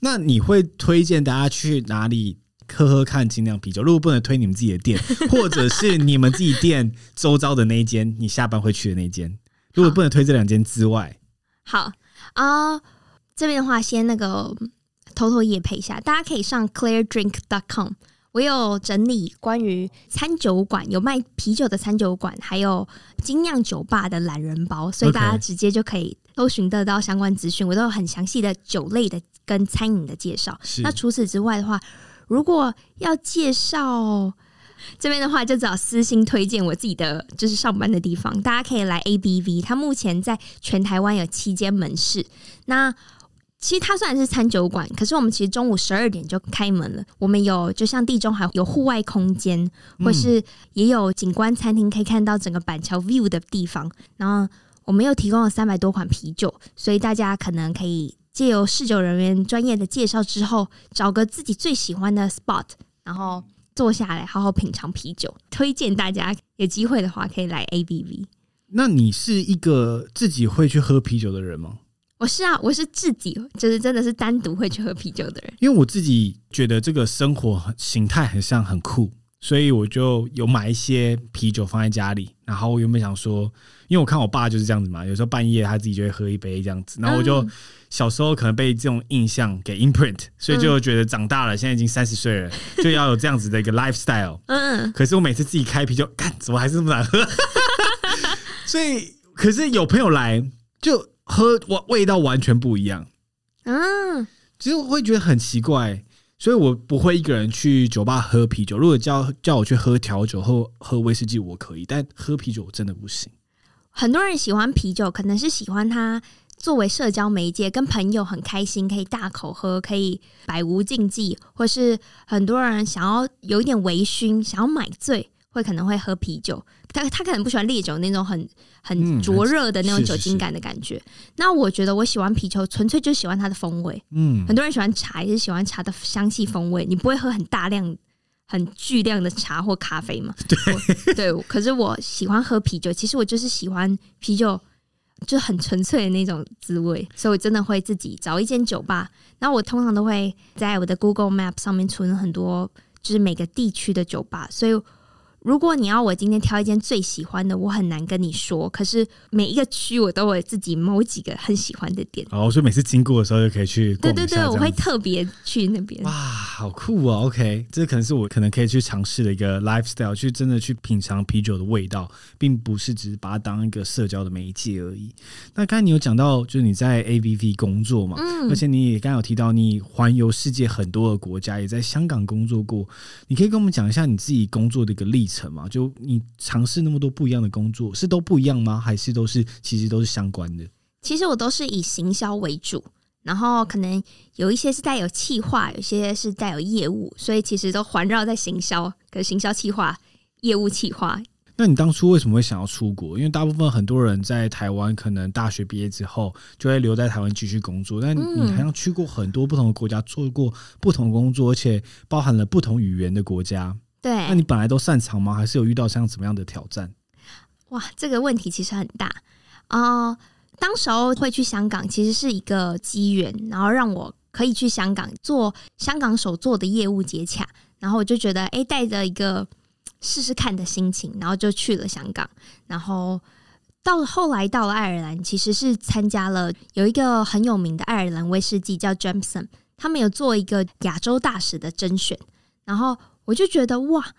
那你會推薦大家去哪裡喝喝看精釀啤酒？如果不能推你們自己的店， 或者是你們自己店周遭的那一間，你下班會去的那一間？如果不能推這兩間之外，好啊，好 uh, 這邊的話先那個偷偷業配一下，大家可以上 ClairDrink.com。我有整理關於餐酒館，有賣啤酒的餐酒館，還有精釀酒吧的懶人包，所以大家直接就可以搜尋得到相關資訊。Okay. 我都有很詳細的酒類的跟餐飲的介紹。那除此之外的話，如果要介紹這邊的話，就找私心推薦我自己的，就是上班的地方，大家可以來 ABV，它目前在全台灣有七間門市。那其實它雖然是餐酒館，可是我們其實中午十二點就開門了。我們有就像地中海有戶外空間，或是也有景觀餐廳，可以看到整個板橋 view 的地方。然後我們又提供了三百多款啤酒，所以大家可能可以借由侍酒人員專業的介紹之後，找個自己最喜歡的 spot，然後坐下來好好品嘗啤酒。推薦大家有機會的話可以來 ABV。那你是一個自己會去喝啤酒的人嗎？我是啊，我是自己就是真的是單獨會去喝啤酒的人，因為我自己覺得這個生活很形態很像很酷，所以我就有買一些啤酒放在家裡。然後我原本想說，因為我看我爸就是這樣子嘛，有時候半夜他自己就會喝一杯這樣子。然後我就、嗯、小時候可能被這種印象給 imprint，所以就覺得長大了，嗯、現在已經三十歲了，就要有這樣子的一個 lifestyle。 嗯、嗯，可是我每次自己開啤酒，幹怎麼還是這麼難喝？ 所以，可是有朋友來就。喝完味道完全不一樣。嗯，其實我會覺得很奇怪，所以我不會一個人去酒吧喝啤酒。如果叫叫我去喝調酒或喝威士忌，我可以，但喝啤酒我真的不行。很多人喜歡啤酒，可能是喜歡它作為社交媒介，跟朋友很開心，可以大口喝，可以百無禁忌，或是很多人想要有一點微醺，想要買醉。會可能會喝啤酒，他他可能不喜歡烈酒那種很很灼熱的那種酒精感的感覺。嗯、是是是，那我覺得我喜歡啤酒，純粹就喜歡它的風味。嗯，很多人喜歡茶也是喜歡茶的香氣風味。你不會喝很大量，很巨量的茶或咖啡嗎？對，對可是我喜歡喝啤酒，其實我就是喜歡啤酒就很純粹的那種滋味，所以我真的會自己找一間酒吧。那我通常都會在我的 Google Map 上面存很多就是每個地區的酒吧，所以。如果你要我今天挑一間最喜歡的，我很難跟你說。可是每一個區，我都有自己某幾個很喜歡的店。哦，所以每次經過的時候就可以去。對對對，我會特別去那邊。哇，好酷啊，哦，OK，這可能是我可能可以去嘗試的一個 lifestyle，去真的去品嘗啤酒的味道，並不是只是把它當一個社交的媒介而已。那剛才你有講到，就是你在 ABV 工作嘛，嗯，而且你也剛剛有提到你環遊世界很多個國家，也在香港工作過。你可以跟我們講一下你自己工作的一個例子。嘛，就你嘗試那麼多不一樣的工作，是都不一樣嗎？還是都是其實都是相關的？其實我都是以行銷為主，然後可能有一些是帶有企劃，有些是帶有業務，所以其實都環繞在行銷。可是行銷企劃、業務企劃，那你當初為什麼會想要出國？因為大部分很多人在台灣，可能大學畢業之後就會留在台灣繼續工作。但你好像去過很多不同的國家，做過不同的工作，而且包含了不同語言的國家。對，那你本來都擅長嗎？還是有遇到像怎麼樣的挑戰？哇，這個問題其實很大哦。Uh, 當時候會去香港，其實是一個機緣，然後讓我可以去香港做香港手作的業務接洽。然後我就覺得，哎、欸，帶着一個試試看的心情，然後就去了香港。然後到後來到了愛爾蘭，其實是參加了有一個很有名的愛爾蘭威士忌叫 Jameson，他們有做一個亞洲大使的甄選，然後。我就覺得，哇，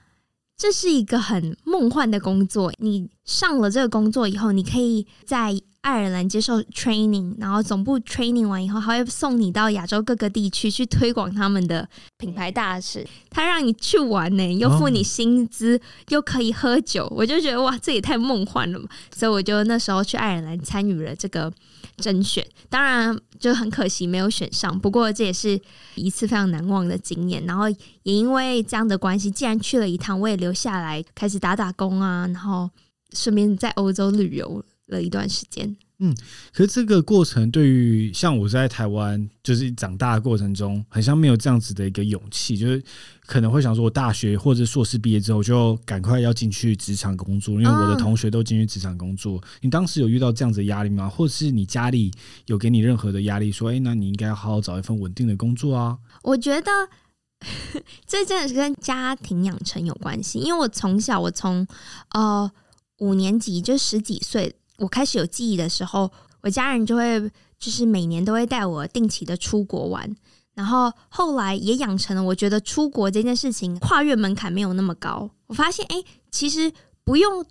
這是一個很夢幻的工作。你上了這個工作以後，你可以在。愛爾蘭接受 training，然後總部 training 完以後，還會送你到亞洲各個地區去推廣他們的品牌大使。他讓你去玩呢、欸，又付你薪資、哦，又可以喝酒，我就覺得哇，這也太夢幻了嘛！所以我就那時候去愛爾蘭參與了這個甄選，當然就很可惜沒有選上。不過這也是一次非常難忘的經驗。然後也因為這樣的關係，既然去了一趟，我也留下來開始打打工啊，然後順便在歐洲旅遊了一段時間，嗯，可是這個過程對於像我在台灣就是長大的過程中，好像沒有這樣子的一個勇氣，就是可能會想說，我大學或者碩士畢業之後就趕快要進去職場工作，因為我的同學都進去職場工作。啊、你當時有遇到這樣子的壓力嗎？或者是你家裡有給你任何的壓力，說，哎、欸，那你應該要好好找一份穩定的工作啊？我覺得呵呵這真的是跟家庭養成有關係，因為我從小，我從呃五年級就十幾歲。我開始有記憶的時候，我家人就會就是每年都會帶我定期的出國玩，然後後來也養成了我覺得出國這件事情跨越門檻沒有那麼高。我發現哎，其實不用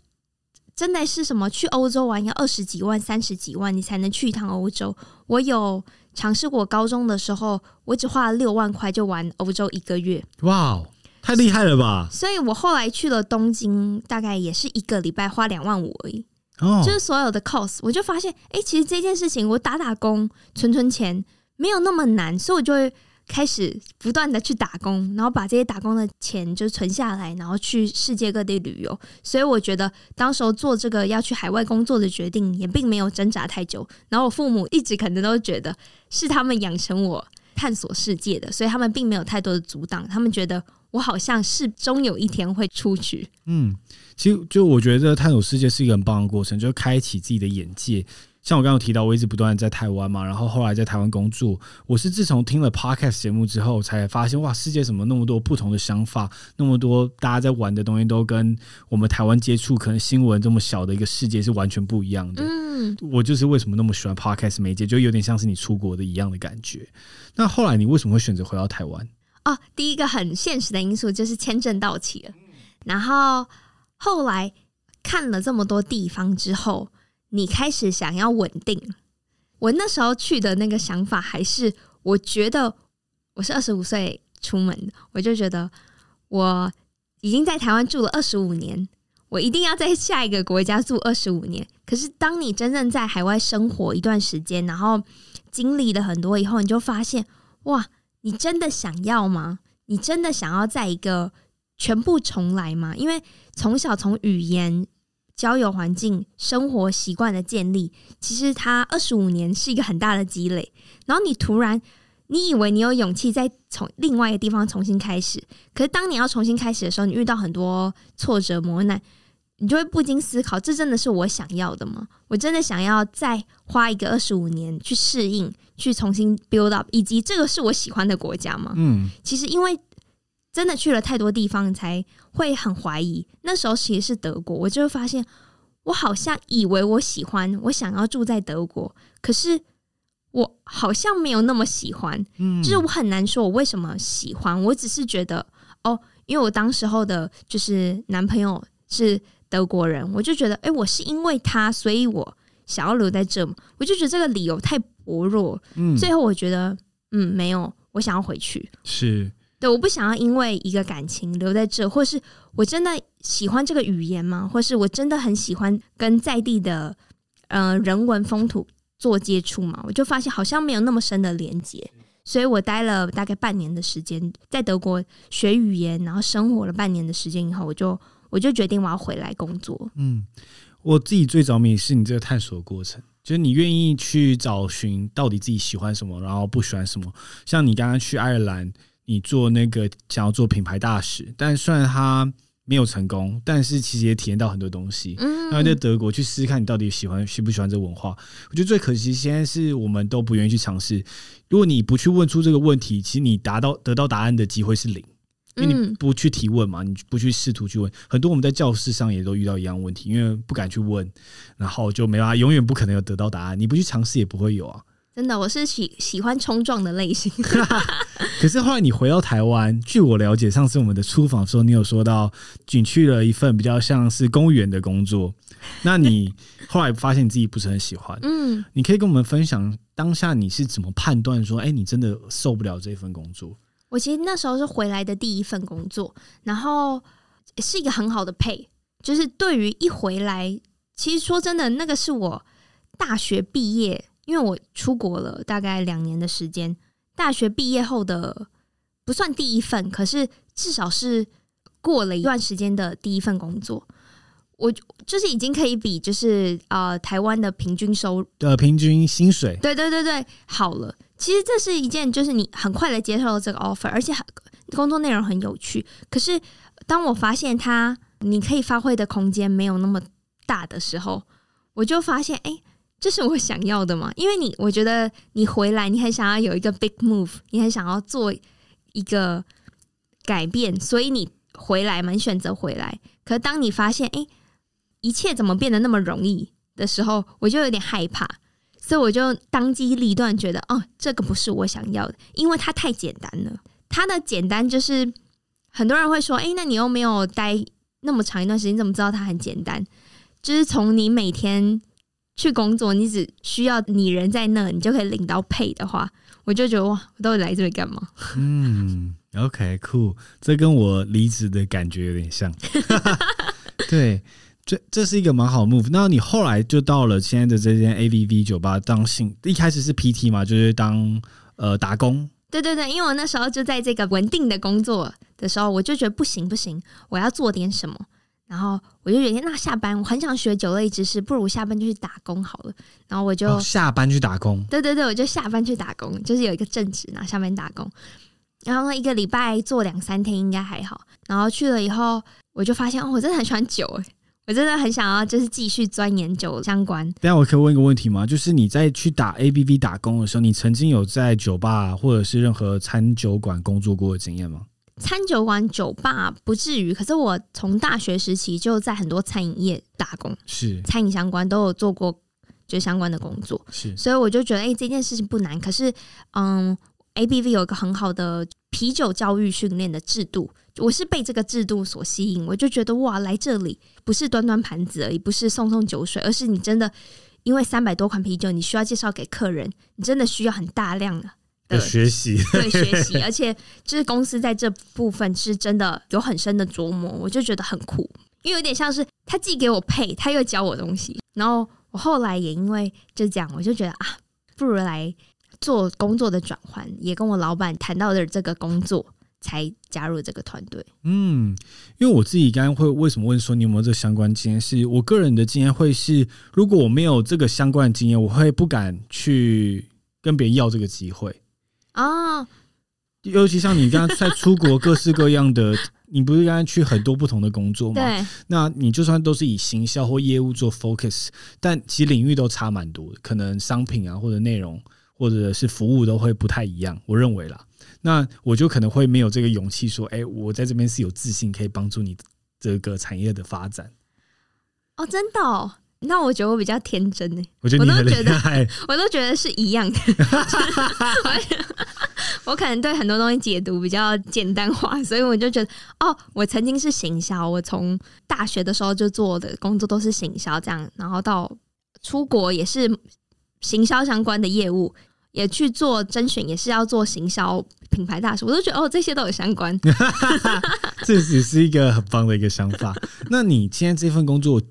真的是什麼去歐洲玩要二十幾萬、三十幾萬你才能去一趟歐洲。我有嘗試過，高中的時候我只花了六萬塊就玩歐洲一個月。哇，太厲害了吧！所以，所以我後來去了東京，大概也是一個禮拜花兩萬五而已。就是所有的 cost 我就發現，哎、欸，其實這件事情我打打工存存錢沒有那麼難，所以我就會開始不斷的去打工，然後把這些打工的錢就存下來，然後去世界各地旅遊。所以我覺得，當時候做這個要去海外工作的決定，也並沒有掙扎太久。然後我父母一直可能都覺得是他們養成我探索世界的，所以他們並沒有太多的阻擋，他們覺得。我好像是終有一天會出去。嗯，其實就我覺得探索世界是一個很棒的過程，就是開啟自己的眼界。像我剛剛提到，我一直不斷地在台灣嘛，然後後來在台灣工作，我是自從聽了 podcast 節目之後，才發現哇，世界怎麼那麼多不同的想法，那麼多大家在玩的東西，都跟我們台灣接觸可能新聞這麼小的一個世界是完全不一樣的。嗯，我就是為什麼那麼喜歡 podcast 媒介，就有點像是你出國的一樣的感覺。那後來你為什麼會選擇回到台灣？哦，第一個很現實的因素就是簽證到期了。然後後來看了這麼多地方之後，你開始想要穩定。我那時候去的那個想法還是，我覺得我是二十五歲出門，我就覺得我已經在台灣住了二十五年，我一定要在下一個國家住二十五年。可是當你真正在海外生活一段時間，然後經歷了很多以後，你就發現，哇。你真的想要嗎？你真的想要在一個全部重來嗎？因為從小從語言、交友環境、生活習慣的建立，其實它二十五年是一個很大的積累。然後你突然，你以為你有勇氣再從另外一個地方重新開始，可是當你要重新開始的時候，你遇到很多挫折磨難，你就會不禁思考：這真的是我想要的嗎？我真的想要再花一個二十五年去適應？去重新 build up，以及這個是我喜歡的國家嗎？嗯，其實因為真的去了太多地方，才會很懷疑。那時候其實是德國，我就發現我好像以為我喜歡，我想要住在德國，可是我好像沒有那麼喜歡。嗯，就是我很難說，我為什麼喜歡。我只是覺得，哦，因為我當時候的，就是男朋友是德國人，我就覺得，哎、欸，我是因為他，所以我想要留在這。我就覺得這個理由太……薄弱，嗯，最後我覺得嗯，嗯，沒有，我想要回去，是對，我不想要因為一個感情留在這，或是我真的喜歡這個語言嗎？或是我真的很喜歡跟在地的，人文風土做接觸嗎？我就發現好像沒有那麼深的連接，所以我待了大概半年的時間在德國學語言，然後生活了半年的時間以後，我就我就決定我要回來工作。嗯，我自己最着迷是你這個探索過程，就是你願意去找尋到底自己喜歡什麼，然後不喜歡什麼。像你剛剛去愛爾蘭，你做那個想要做品牌大使，但雖然他沒有成功，但是其實也體驗到很多東西。嗯。然後在德國去試試看，你到底喜歡喜不喜歡這文化。我覺得最可惜現在是我們都不願意去嘗試。如果你不去問出這個問題，其實你達到得到答案的機會是零。因為你不去提問嘛，你不去試圖去問，很多我們在教室上也都遇到一樣問題，因為不敢去問，然後就沒辦法，永遠不可能有得到答案。你不去嘗試也不會有啊。真的，我是喜喜歡衝撞的類型。 可是後來你回到台灣，據我了解，上次我們的出訪的時候，你有說到僅去了一份比較像是公務員的工作，那你後來發現你自己不是很喜歡。嗯， 你可以跟我們分享當下你是怎麼判斷說，哎，你真的受不了這份工作？我其實那時候是回來的第一份工作，然後是一個很好的 pay，就是對於一回來，其實說真的，那個是我大學畢業，因為我出國了大概兩年的時間，大學畢業後的不算第一份，可是至少是過了一段時間的第一份工作，我就是已經可以比就是呃台灣的平均收入的、呃、平均薪水，對對對對，好了。其實這是一件，就是你很快的接受了這個 offer，而且很工作內容很有趣。可是當我發現它你可以發揮的空間沒有那麼大的時候，我就發現，哎，這是我想要的嗎？因為你我覺得你回來，你很想要有一個 big move，你很想要做一個改變，所以你回來嘛，你選擇回來。可當你發現，哎，一切怎麼變得那麼容易的時候，我就有點害怕。所以我就當機立斷，覺得哦，這個不是我想要的，因為它太簡單了。它的簡單就是很多人會說：“哎、欸，那你又沒有待那麼長一段時間，你怎麼知道它很簡單？”就是從你每天去工作，你只需要你人在那，你就可以領到 pay 的話，我就覺得哇，我到底來這裡幹嘛？嗯，OK，cool，、okay, 這跟我離職的感覺有點像。 對。這這是一個蠻好的 move。那你後來就到了現在的這間 ABV 酒吧當性，一開始是 P T 嘛，就是當呃打工。對對對，因為我那時候就在這個穩定的工作的時候，我就覺得不行不行，我要做點什麼。然後我就覺得那下班我很想學酒類知識，不如下班就去打工好了。然後我就、哦、下班去打工。對對對，我就下班去打工，就是有一個正職，然後下班打工。然後一個禮拜做兩三天應該還好。然後去了以後，我就發現哦，我真的很喜歡酒哎、欸。我真的很想要，就是繼續鑽研酒相關。等下我可以問一個問題嗎？就是你在去打 ABV 打工的時候，你曾經有在酒吧或者是任何餐酒館工作過的經驗嗎？餐酒館、酒吧不至於，可是我從大學時期就在很多餐飲業打工，是餐飲相關都有做過，就相關的工作是，所以我就覺得，哎、欸，這件事情不難。可是，嗯，ABV 有一個很好的啤酒教育訓練的制度。我是被這個制度所吸引，我就覺得哇，來這裡不是端端盤子而已，不是送送酒水，而是你真的因為三百多款啤酒，你需要介紹給客人，你真的需要很大量的學習，對學習。 而且就是公司在這部分是真的有很深的琢磨，我就覺得很酷，因為有點像是他既給我 pay，他又教我東西。然後我後來也因為就這樣，我就覺得啊，不如來做工作的轉換，也跟我老板談到了這個工作，才加入這個團隊，嗯，因為我自己剛剛會為什麼問說你有沒有這個相關經驗？是我個人的經驗會是，如果我沒有這個相關的經驗，我會不敢去跟別人要這個機會啊。哦。尤其像你剛剛在出國，各式各樣的， 你不是剛剛去很多不同的工作嗎？對，那你就算都是以行銷或業務做 focus，但其實領域都差蠻多，可能商品啊或者內容。或者是服務都會不太一樣，我認為啦。那我就可能會沒有這個勇氣說，哎、欸，我在這邊是有自信可以幫助你這個產業的發展。哦，真的哦？那我覺得我比較天真呢。我覺得你很厲害。我都覺得，我都覺得是一樣的。 我可能對很多東西解讀比較簡單化，所以我就覺得，哦，我曾經是行銷，我從大學的時候就做的工作都是行銷，這樣，然後到出國也是。行銷相關的業務也去做甄選，也是要做行銷品牌大使，我都覺得哦，這些都有相關。 這只是一個很棒的一個想法。那你今天這份工作，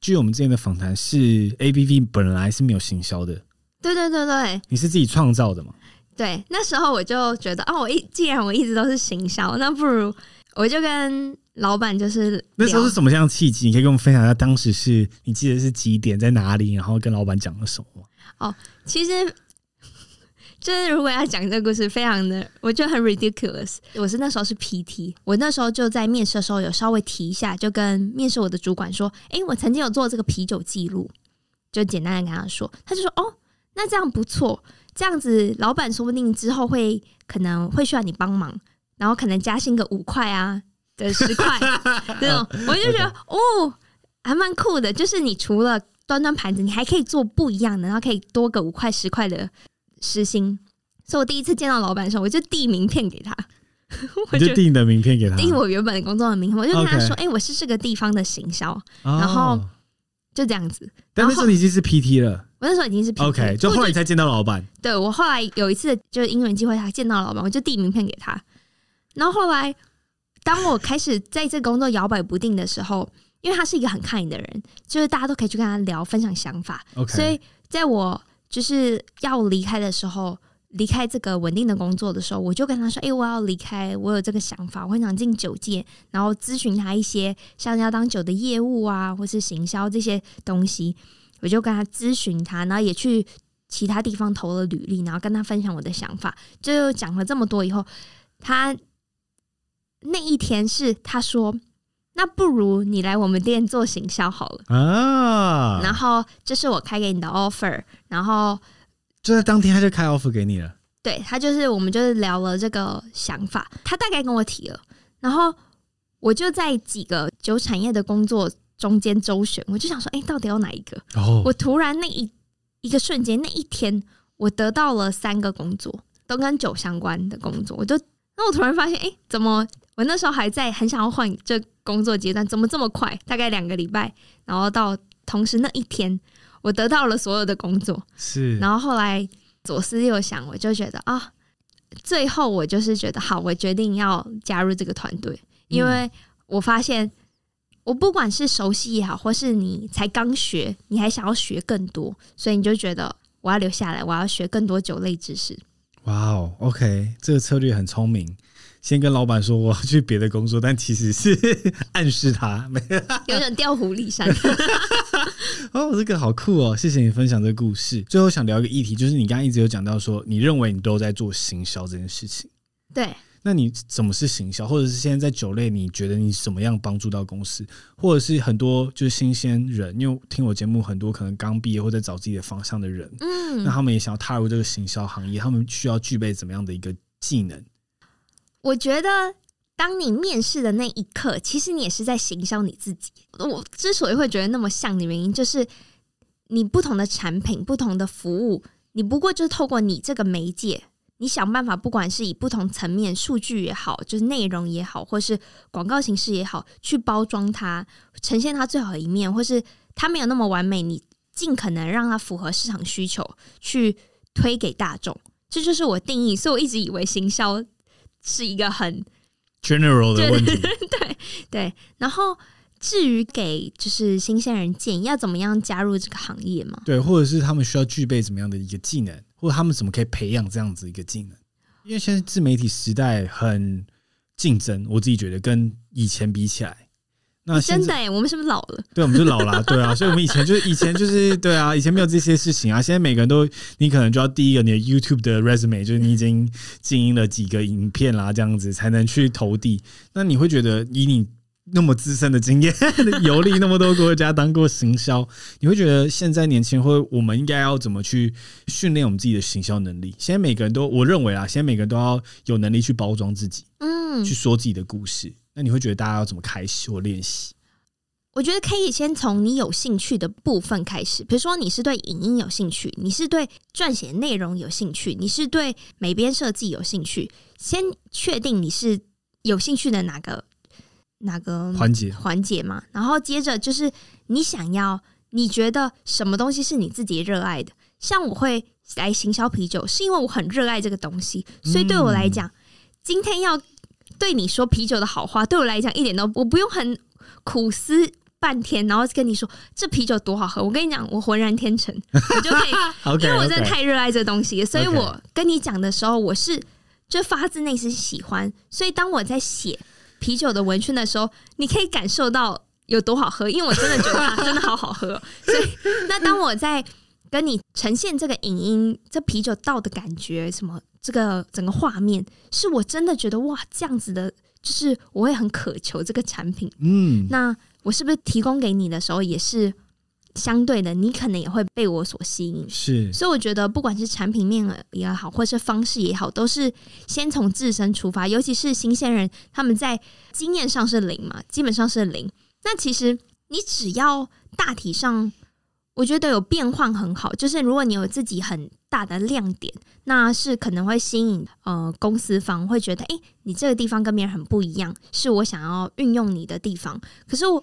據我們之前的訪談，是 ABV 本來是沒有行銷的。對對對對，你是自己創造的嗎？對，那時候我就覺得哦，我一既然我一直都是行銷，那不如我就跟老板就是那時候是什麼樣的契機？你可以跟我們分享一下，當時是你記得是幾點在哪裡，然後跟老板講了什麼？哦，其實就是如果要講這個故事，非常的，我覺得很 ridiculous。我是那時候是 PT，我那時候就在面試的時候有稍微提一下，就跟面試我的主管說：“哎、欸，我曾經有做這個啤酒記錄。”就簡單的跟他說，他就說：“哦，那這樣不錯，這樣子老板說不定之後會可能會需要你幫忙，然後可能加薪個五塊啊，對，十塊這種。”我就覺得、okay. 哦，還蠻酷的，就是你除了。端端盤子，你還可以做不一樣的，然後可以多個五塊十塊的時薪。所以我第一次見到老闆的時候，我就遞名片給他， 我就遞的名片給他，遞我，我原本的工作的名片，okay. 我就跟他說：“哎、欸，我是這個地方的行銷。Oh. ”然後就這樣子。但那時候你已經是 PT 了，我那時候已經是 PT 了 OK，就後來才見到老闆。對，我後來有一次就是因緣機會，他見到老闆，我就遞名片給他。然後後來，當我開始在這工作搖擺不定的時候。 因為他是一個很看你的人，就是大家都可以去跟他聊、分享想法。Okay. 所以在我就是要離開的時候，離開這個穩定的工作的時候，我就跟他說：“哎、欸，我要離開，我有這個想法，我很想進酒界，然後諮詢他一些像要當酒的業務啊，或是行銷這些東西。”我就跟他諮詢他，然後也去其他地方投了履歷，然後跟他分享我的想法。就講了這麼多以後，他那一天是他說。那不如你來我們店做行銷好了啊！然後這是我開給你的 offer，然後就在當天他就開 offer 給你了。對，他就是我們就是聊了這個想法，他大概跟我提了，然後我就在幾個酒產業的工作中間周旋，我就想說，哎，到底要哪一個？哦。我突然那一一個瞬間那一天，我得到了三個工作，都跟酒相關的工作，我就那我突然發現，哎，怎麼我那時候還在很想要換這。工作階段怎麼這麼快？大概兩個禮拜，然後到同時那一天，我得到了所有的工作。是，然後後來左思右想，我就覺得啊、哦，最後我就是覺得好，我決定要加入這個團隊，因為我發現、嗯、我不管是熟悉也好，或是你才剛學，你還想要學更多，所以你就覺得我要留下來，我要學更多酒類知識。哇、wow, 哦，OK，這個策略很聰明。先跟老板說我要去別的工作，但其實是暗示他，沒有，有點調虎離山。 哦，這個好酷哦！謝謝你分享這個故事。最後想聊一個議題，就是你剛剛一直有講到說，你認為你都在做行銷這件事情。對，那你怎麼是行銷？或者是現在在酒類，你覺得你怎麼樣幫助到公司？或者是很多就是新鮮人，因為聽我節目很多可能剛畢業或者找自己的方向的人，嗯，那他們也想要踏入這個行銷行業，他們需要具備怎麼樣的一個技能？我覺得，當你面試的那一刻，其實你也是在行銷你自己。我之所以會覺得那麼像的原因，就是你不同的產品、不同的服務，你不過就是透過你這個媒介，你想辦法，不管是以不同層面、數據也好，就是內容也好，或是廣告形式也好，去包裝它，呈現它最好的一面，或是它沒有那麼完美，你盡可能讓它符合市場需求，去推給大眾。這就是我定義，所以我一直以為行銷。是一個很 general 的問題，對對，對。然後，至於給就是新鮮人建議要怎麼樣加入這個行業嘛？對，或者是他們需要具備怎麼樣的一個技能，或者他們怎麼可以培養這樣子一個技能？因為現在自媒體時代很競爭，我自己覺得跟以前比起來。啊，真的、欸、現在我們是不是老了？對，我們就老了，對啊。所以，我們以前就是以前就是對啊，以前沒有這些事情啊。現在每個人都，你可能就要第一個，你的 YouTube 的 Resume 就是你已經經營了幾個影片啦，這樣子才能去投遞。那你會覺得，以你那麼資深的經驗，遊 歷那麼多國家，當過行銷， 你會覺得現在年輕人會，我們應該要怎麼去訓練我們自己的行銷能力？現在每個人都，我認為啊，現在每個人都要有能力去包裝自己，嗯，去說自己的故事。你會覺得大家要怎麼開始我練習？我覺得可以先從你有興趣的部分開始。比如說，你是對影音有興趣，你是對撰寫內容有興趣，你是對美編設計有興趣，先確定你是有興趣的哪個哪個環節環節嘛。然後接着就是你想要，你覺得什麼東西是你自己熱愛的？像我會來行銷啤酒，是因為我很熱愛這個東西，所以對我來講，今天要。對你說啤酒的好話，對我來講一點都我不用很苦思半天，然後跟你說這啤酒多好喝。我跟你講，我渾然天成，我就可以， okay, 因為我真的太熱愛這東西，okay. 所以我跟你講的時候，我是就發自內心喜歡。所以當我在寫啤酒的文宣的時候，你可以感受到有多好喝，因為我真的覺得它真的好好喝。 所以那當我在跟你呈現這個影音、這啤酒倒的感覺，什麼這個整個畫面，是我真的覺得哇，這樣子的，就是我會很渴求這個產品。嗯，那我是不是提供給你的時候也是相對的？你可能也會被我所吸引。是，所以我覺得不管是產品面也好，或是方式也好，都是先從自身出發。尤其是新鮮人，他們在經驗上是零嘛，基本上是零。那其實你只要大體上。我覺得有變換很好，就是如果你有自己很大的亮點，那是可能會吸引呃公司方會覺得，哎、欸，你這個地方跟別人很不一樣，是我想要運用你的地方。可是我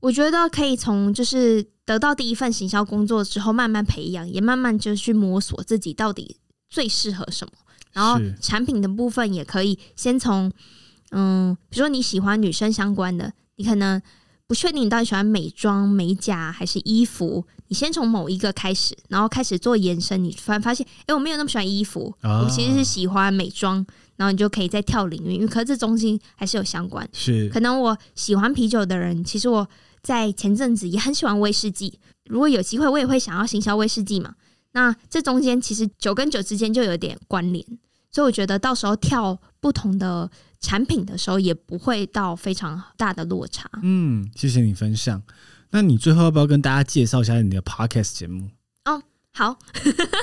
我覺得可以從就是得到第一份行銷工作之後，慢慢培養，也慢慢就去摸索自己到底最適合什麼。然後產品的部分也可以先從嗯，比如說你喜歡女生相關的，你可能。不確定你到底喜歡美妝、美甲還是衣服，你先從某一個開始，然後開始做延伸。你突然發現，哎、欸，我沒有那麼喜歡衣服，我其實是喜歡美妝，然後你就可以再跳領域，因為這中間還是有相關。是，可能我喜歡啤酒的人，其實我在前陣子也很喜歡威士忌。如果有機會，我也會想要行銷威士忌嘛。那這中間其實酒跟酒之間就有點關聯。所以我覺得到時候跳不同的產品的時候，也不會到非常大的落差。嗯，謝謝你分享。那你最後要不要跟大家介紹一下你的 podcast 節目？哦，好，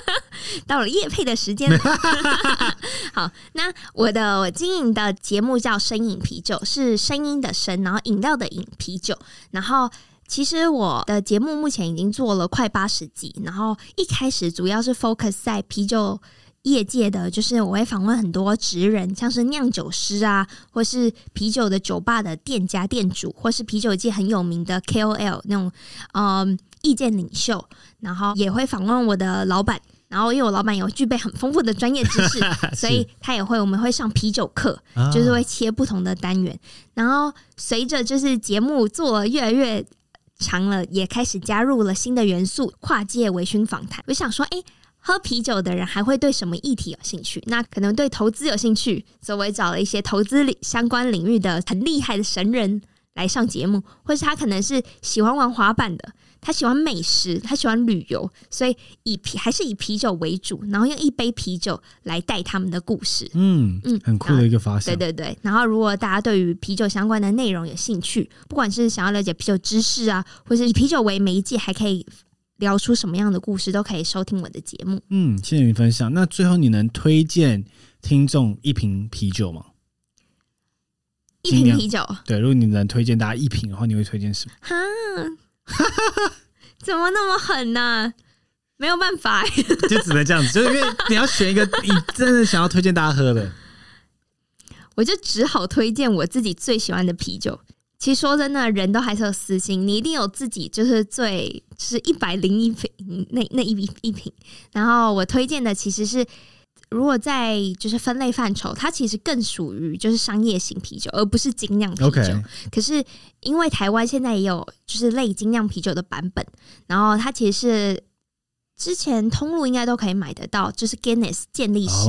到了業配的時間。 好，那我的我經營的節目叫“聲飲啤酒”，是聲音的聲，然後飲料的飲啤酒。然後，其實我的節目目前已經做了快八十集。然後一開始主要是 focus 在啤酒。業界的，就是我會訪問很多職人，像是釀酒師啊，或是啤酒的酒吧的店家店主，或是啤酒界很有名的 KOL 那種，嗯，意見領袖。然後也會訪問我的老板，然後因為我老板有具備很豐富的專業知識， 所以他也會我們會上啤酒課，就是會切不同的單元。啊、然後隨着就是節目做了越來越長了，也開始加入了新的元素，跨界微醺訪談。我想說，哎、欸。喝啤酒的人還會對什麼議題有興趣？那可能對投資有興趣，所以找了一些投資相關領域的很厲害的神人來上節目，或是他可能是喜歡玩滑板的，他喜歡美食，他喜歡旅遊，所以以啤還是以啤酒為主，然後用一杯啤酒來帶他們的故事。嗯嗯，很酷的一個發現。嗯，對對對。然後如果大家對於啤酒相關的內容有興趣，不管是想要了解啤酒知識啊，或是以啤酒為媒介，還可以聊出什麼樣的故事都可以收聽我的節目。嗯，謝謝你分享。那最後你能推薦聽眾一瓶啤酒嗎？一瓶啤酒？對，如果你能推薦大家一瓶的話，然後你會推薦什麼？哈， 怎麼那麼狠呢，啊？沒有辦法，欸， 就只能這樣子。就因為你要選一個 你真的想要推薦大家喝的，我就只好推薦我自己最喜歡的啤酒。其實說真的，人都還是有私心，你一定有自己就是最就是一百零一瓶那那一瓶一瓶。然後我推薦的其實是，如果在就是分類範疇，它其實更屬於就是商業型啤酒，而不是精釀啤酒。Okay. 可是因為台灣現在也有就是類精釀啤酒的版本，然後它其實是之前通路應該都可以買得到，就是 Guinness 健力士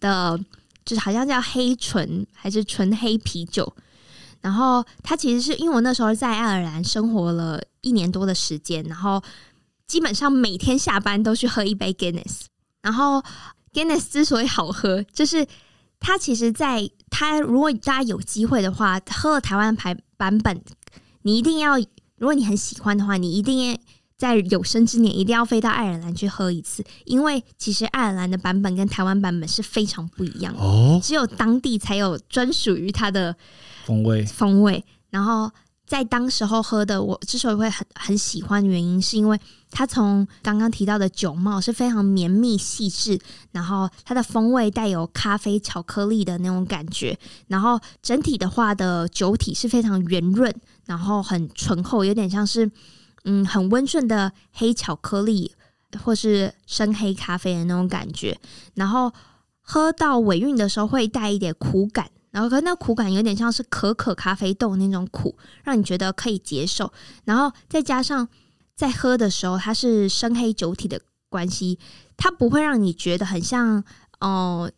的，Oh. 就是好像叫黑醇還是純黑啤酒。然後它其實是因為我那時候在愛爾蘭生活了一年多的時間，然後基本上每天下班都去喝一杯 Guinness。然後 Guinness 之所以好喝，就是它其實在，在它如果大家有機會的話，喝了台灣牌版本，你一定要如果你很喜歡的話，你一定要在有生之年一定要飛到愛爾蘭去喝一次，因為其實愛爾蘭的版本跟台灣版本是非常不一樣、哦、只有當地才有專屬於它的。風味，風味。然後在當時候喝的，我之所以會很很喜歡的原因，是因為它從剛剛提到的酒帽是非常綿密細緻，然後它的風味帶有咖啡、巧克力的那種感覺，然後整體的話的酒體是非常圓潤，然後很醇厚，有點像是嗯很溫順的黑巧克力或是深黑咖啡的那種感覺，然後喝到尾韻的時候會帶一點苦感。然後，可那苦感有點像是可可咖啡豆那種苦，讓你覺得可以接受。然後再加上在喝的時候，它是深黑酒體的關係，它不會讓你覺得很像哦、呃、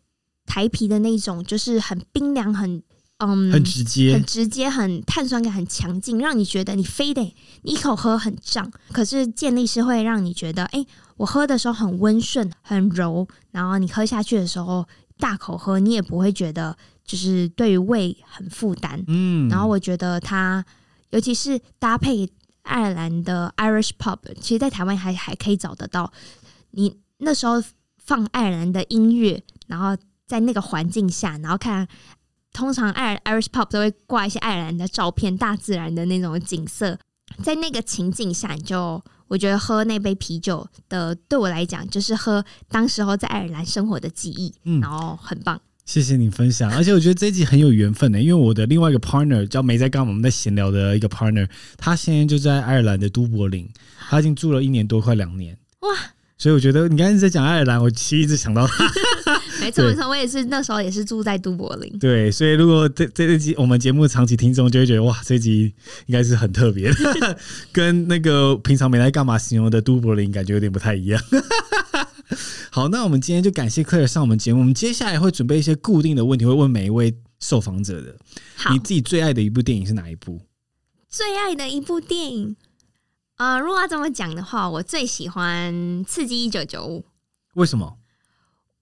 台啤的那種，就是很冰涼，很嗯、呃，很直接，很直接，很碳酸感很強勁，讓你覺得你非得你一口喝很脹。可是健力士會讓你覺得，哎、欸，我喝的時候很溫順，很柔。然後你喝下去的時候，大口喝，你也不會覺得。就是對於胃很負擔，嗯，然後我覺得它，尤其是搭配愛爾蘭的 Irish Pub，其實，在台灣還還可以找得到。你那時候放愛爾蘭的音樂，然後在那個環境下，然後看，通常愛爾蘭 Irish Pub 都會掛一些愛爾蘭的照片，大自然的那種景色，在那個情景下，你就我覺得喝那杯啤酒的，對我來講就是喝當時候在愛爾蘭生活的記憶，嗯，然後很棒。謝謝你分享，而且我覺得這一集很有緣分呢。欸，因為我的另外一個 partner 叫沒在幹嘛，我們在閒聊的一個 partner，他現在就在愛爾蘭的都柏林，他已經住了一年多，快兩年，哇！所以我覺得你剛才在講愛爾蘭，我其實一直想到他 沒，沒錯沒錯，我也是那時候也是住在都柏林，對，所以如果這這這集我們節目長期聽眾就會覺得哇，這一集應該是很特別的， 跟那個平常沒在幹嘛形容的都柏林感覺有點不太一樣。 好，那我們今天就感謝 Claire 上我們節目。我們接下來會準備一些固定的問題，會問每一位受訪者的，好。你自己最愛的一部電影是哪一部？最愛的一部電影，啊、呃，如果要這麼講的話，我最喜歡《刺激一九九五》。為什麼？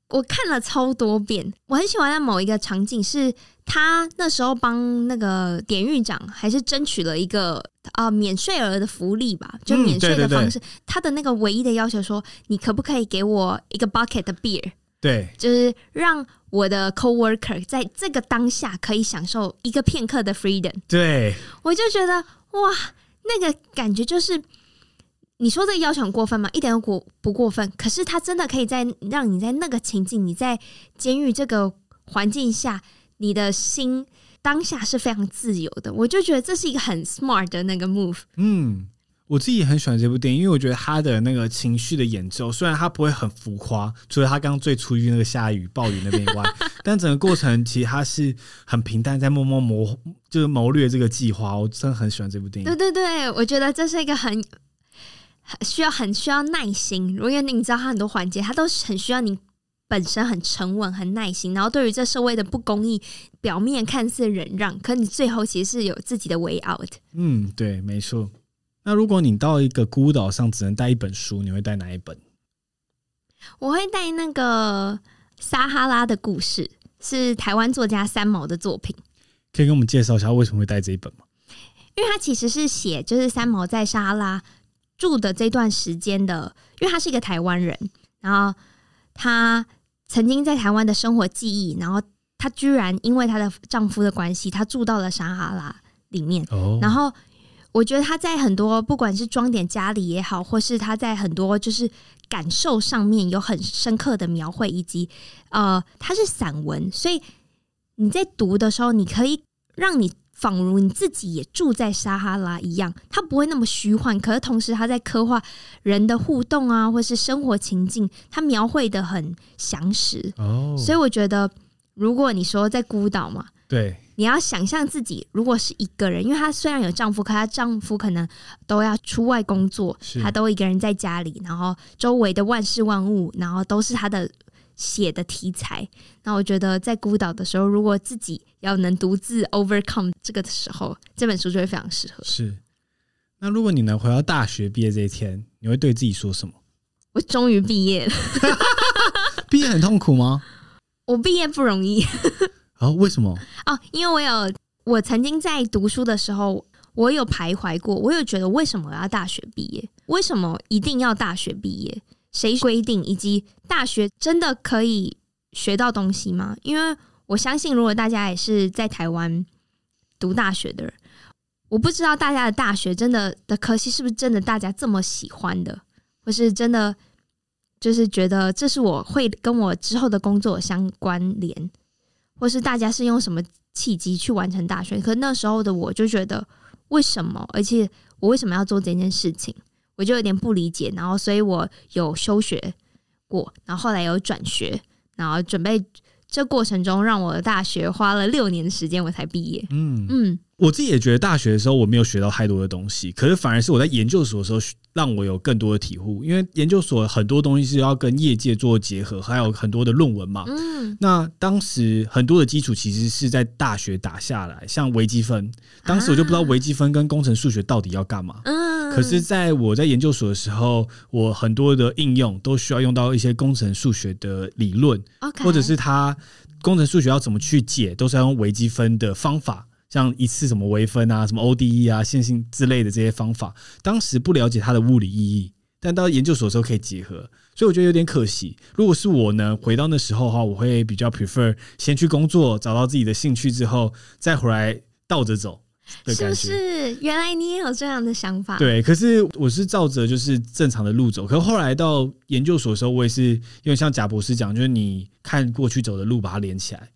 我看了超多遍，我很喜歡的某一個場景是他那時候幫那個典獄長，還是爭取了一個啊、呃、免稅額的福利吧，就免稅的方式、嗯對對對。他的那個唯一的要求說：“你可不可以給我一個 bucket 的 beer？” 對，就是讓我的 co-worker 在這個當下可以享受一個片刻的 freedom。對，我就覺得哇，那個感覺就是。你說這個要求很過分嗎？一點都不過分。可是他真的可以在讓你在那個情境，你在監獄這個環境下，你的心當下是非常自由的。我就覺得這是一個很 smart 的那個 move。嗯，我自己也很喜歡這部電影，因為我覺得他的那個情緒的演奏，雖然他不會很浮誇，除了他剛剛最初那個下雨暴雨那邊以外， 但整個過程其實他是很平淡，在默默謀就是謀略這個計劃。我真的很喜歡這部電影。對對對，我覺得這是一個很。需要很需要耐心，如果你知道它很多環節，它都是很需要你本身很沉穩、很耐心。然後對於這社會的不公義，表面看似忍讓，可你最後其實是有自己的 way out。嗯，對，沒錯。那如果你到一個孤島上，只能帶一本書，你會帶哪一本？我會帶那個《撒哈拉的故事》，是台灣作家三毛的作品。可以跟我們介紹一下為什麼會帶這一本嗎？因為它其實是寫，就是三毛在撒哈拉。住的這段時間的，因為他是一個台灣人，然後她曾經在台灣的生活記憶，然後她居然因為她的丈夫的關係，她住到了撒哈拉裡面。Oh. 然後我覺得她在很多不管是裝點家裡也好，或是她在很多就是感受上面有很深刻的描繪，以及呃，他是散文，所以你在讀的時候，你可以讓你。仿如你自己也住在撒哈拉一樣，他不會那麼虛幻。可是同時，他在刻畫人的互動啊，或是生活情境，他描繪得很詳實。Oh. 所以我覺得，如果你說在孤島嘛，對，你要想象自己如果是一個人，因為她雖然有丈夫，可她丈夫可能都要出外工作，她都一個人在家裡，然後周圍的萬事萬物，然後都是她的。寫的題材，那我覺得在孤島的時候，如果自己要能獨自 overcome 這個的時候，這本書就會非常適合。是。那如果你能回到大學畢業這一天，你會對自己說什麼？我終於畢業了。畢 業很痛苦嗎？我畢業不容易。啊、 哦，為什麼？哦，因為我有，我曾經在讀書的時候，我有徘徊過，我有覺得，為什麼我要大學畢業？為什麼一定要大學畢業？誰規定？以及大學真的可以學到東西嗎？因為我相信，如果大家也是在台灣讀大學的人，我不知道大家的大學真的的科系是不是真的大家這麼喜歡的，或是真的就是覺得這是我會跟我之後的工作相關聯，或是大家是用什麼契機去完成大學？可是那時候的我就覺得，為什麼？而且我為什麼要做這件事情？我就有點不理解，然後，所以我有休學過，然後後來有轉學，然後準備這過程中，讓我的大學花了六年的時間，我才畢業。嗯嗯，我自己也覺得大學的時候，我沒有學到太多的東西，可是反而是我在研究所的時候讓我有更多的體悟，因為研究所很多東西是要跟業界做結合，還有很多的論文嘛。嗯，那當時很多的基礎其實是在大學打下來，像微積分，當時我就不知道微積分跟工程數學到底要幹嘛。啊。嗯。可是，在我在研究所的時候，我很多的應用都需要用到一些工程數學的理論，okay. 或者是它工程數學要怎麼去解，都是要用微積分的方法，像一次什麼微分啊、什麼 ODE 啊、線性之類的這些方法。當時不了解它的物理意義，但到研究所的時候可以結合，所以我覺得有點可惜。如果是我呢，回到那時候的話，我會比較 prefer 先去工作，找到自己的興趣之後再回來倒着走。是不是？原來你也有這樣的想法？對，可是我是照着就是正常的路走。可是後來到研究所的時候，我也是因為像賈博士講，就是你看過去走的路，把它連起來。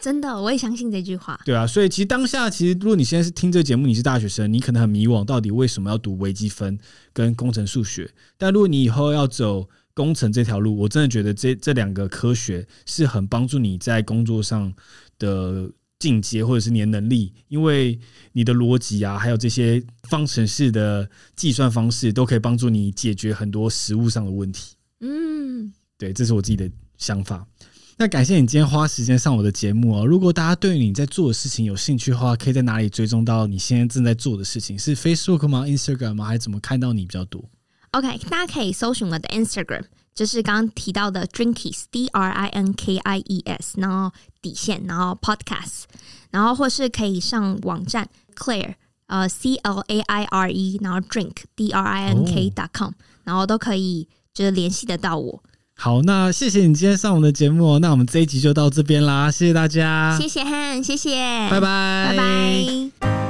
真的，我也相信這句話。對啊，所以其實當下，其實如果你現在是聽這節目，你是大學生，你可能很迷惘，到底為什麼要讀微積分跟工程數學？但如果你以後要走工程這條路，我真的覺得這這兩個科學是很幫助你在工作上的。境界或者是你的能力，因為你的邏輯啊，還有這些方程式的計算方式，都可以幫助你解決很多實務上的問題。嗯，對，這是我自己的想法。那感謝你今天花時間上我的節目哦。如果大家對你在做的事情有興趣的話，可以在哪裡追蹤到你現在正在做的事情？是 Facebook 嗎？Instagram 嗎？還是怎麼看到你比較多？OK，大家可以搜尋我的 Instagram。就是剛剛提到的 drinkies d r i n k i e s，然後底線，然後 podcast，然後或是可以上網站 Claire 呃 c l a i r e，然後 drink d r i n k dot com，哦、然後都可以就是聯繫得到我。好，那謝謝你今天上我們的節目，哦，那我們這一集就到這邊啦，謝謝大家，謝謝漢，謝謝，拜拜，拜拜。